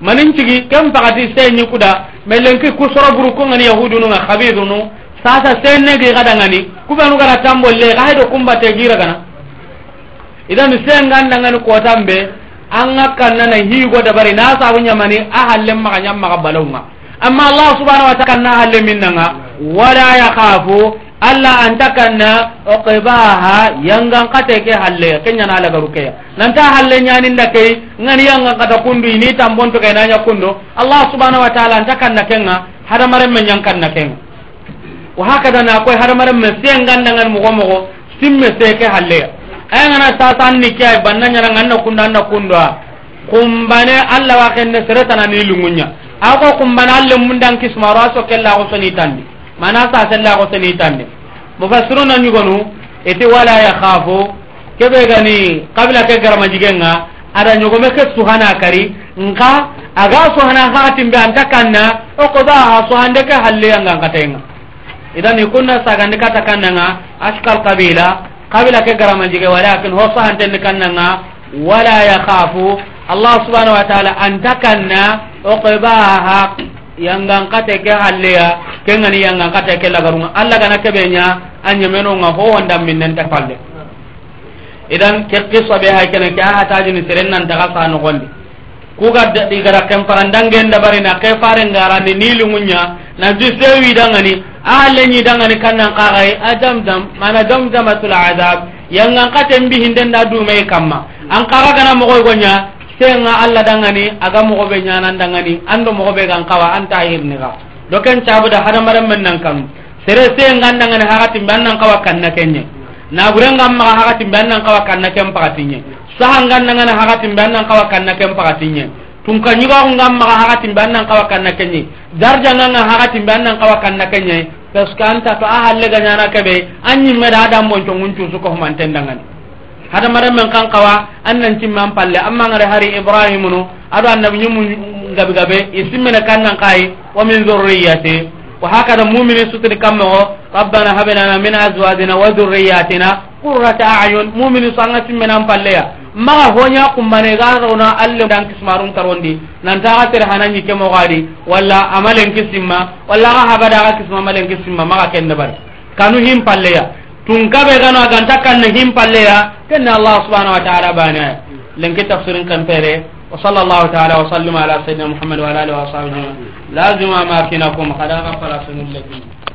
manin cigi ken pakati señi kuda ma lenki ku soroburu kungani yahudi nunga habiru nu sasa senegi gadangani kuɓenu gara tambolle ga hayɗo kumbatte giragana idan sengandangani kotanɓe an ga kannana higo dabari na sabu ñamani a halle maga ñammaga balaunga amma allah subhanau wa ta kanna halle minnanga wala yakafu alla anta kanna okebaha yangan kate ke halle kenya na alaga rukeya nanta halle nyani ndake ngani yangan kata kundu ini tambon to kaina nya kundu allah subhanahu wa taala anta kanna kenga hada mare men yangkan na kenga wa hakada na koy hada mare men sengan dengan mugo mugo simme se ke halle ay ngana ta tan ni kay banna nya ngan na kunda na kunda kumbane allah wa kenne seretana ni lungunya ako kumbana alle mundan kismaro aso kella ko soni tandi mana sa sella ko seni tande mufassiruna nyugonu eti wala ya khafu kebe gani ke garama jigenga ada nyugome ke suhana kari nga aga suhana hatim be anta kanna o qada ha ke halle yanga idan ikunna sagande kata kannanga ashkal qabila qabila ke garama jige walakin ho sahante kannanga wala ya allah subhanahu wa ta'ala anta kanna o qabaha yangan kate ke halleya ke ngani yangan kate ke lagarunga alla gana ke be nya anya meno nga ho wanda minnen ta falle idan ke qissa be hay kana ke ata jin seren nan daga sa no gondi ku ga di gara kem parandang ge nda bari na ke fare ngara ni nilu munya na ji sewi dangani alle ni dangani kannan ka ga adam dam mana dam dam atul azab yangan kate mbi hinden da du mai kamma an kaga gana mo gonya kenga allah dangani aga mogoɓe ñanan dangani ando mogoɓe gan kawa anta hirniga do ken cabuda hadamaren men nan kanu sere sengan dangani hakatimɓe an nan kawa kanna kenñe naburengan maga hakatimɓe an nan kawa kanna ken pakatinñe sahangan dangani hakatimɓe an nan kawa kanna ken pakatinñe tunka ñugaxungan maga hakatimɓe an nan kawa kanna kenñe darjangangan hakatimɓe an nan kawa kanna kenñe parce que an tato a hallega ñana keɓe an ñimmeda a dambon cogun cuusu ko humanten dangani hada maran men kan kawa annan timman palle amma ngare hari ibrahim no adu annabi nyum gabe gabe isimmene kan nan kai wa min zurriyati wa hakada mu'minu sutri kamo rabbana hab lana min azwajina wa dhurriyyatina qurrata a'yun mu'minu sanga an palle ya ma honya kumane ga rona alle dan kismarun tarondi nan ta hatir tere hananyi ke mogadi walla amalen kisimma wala ga habada ga kisma malen kisimma ka kenne bar kanu him palle ya tun kabe gano aganta kanne himpalleya kenne allah subhanahu wa taala bane lenki tafsirin kan pere wa sallallahu taala wa sallama ala sayyidina muhammad wa ala alihi wa sahbihi lazima makinakum kada gafara sunul lakum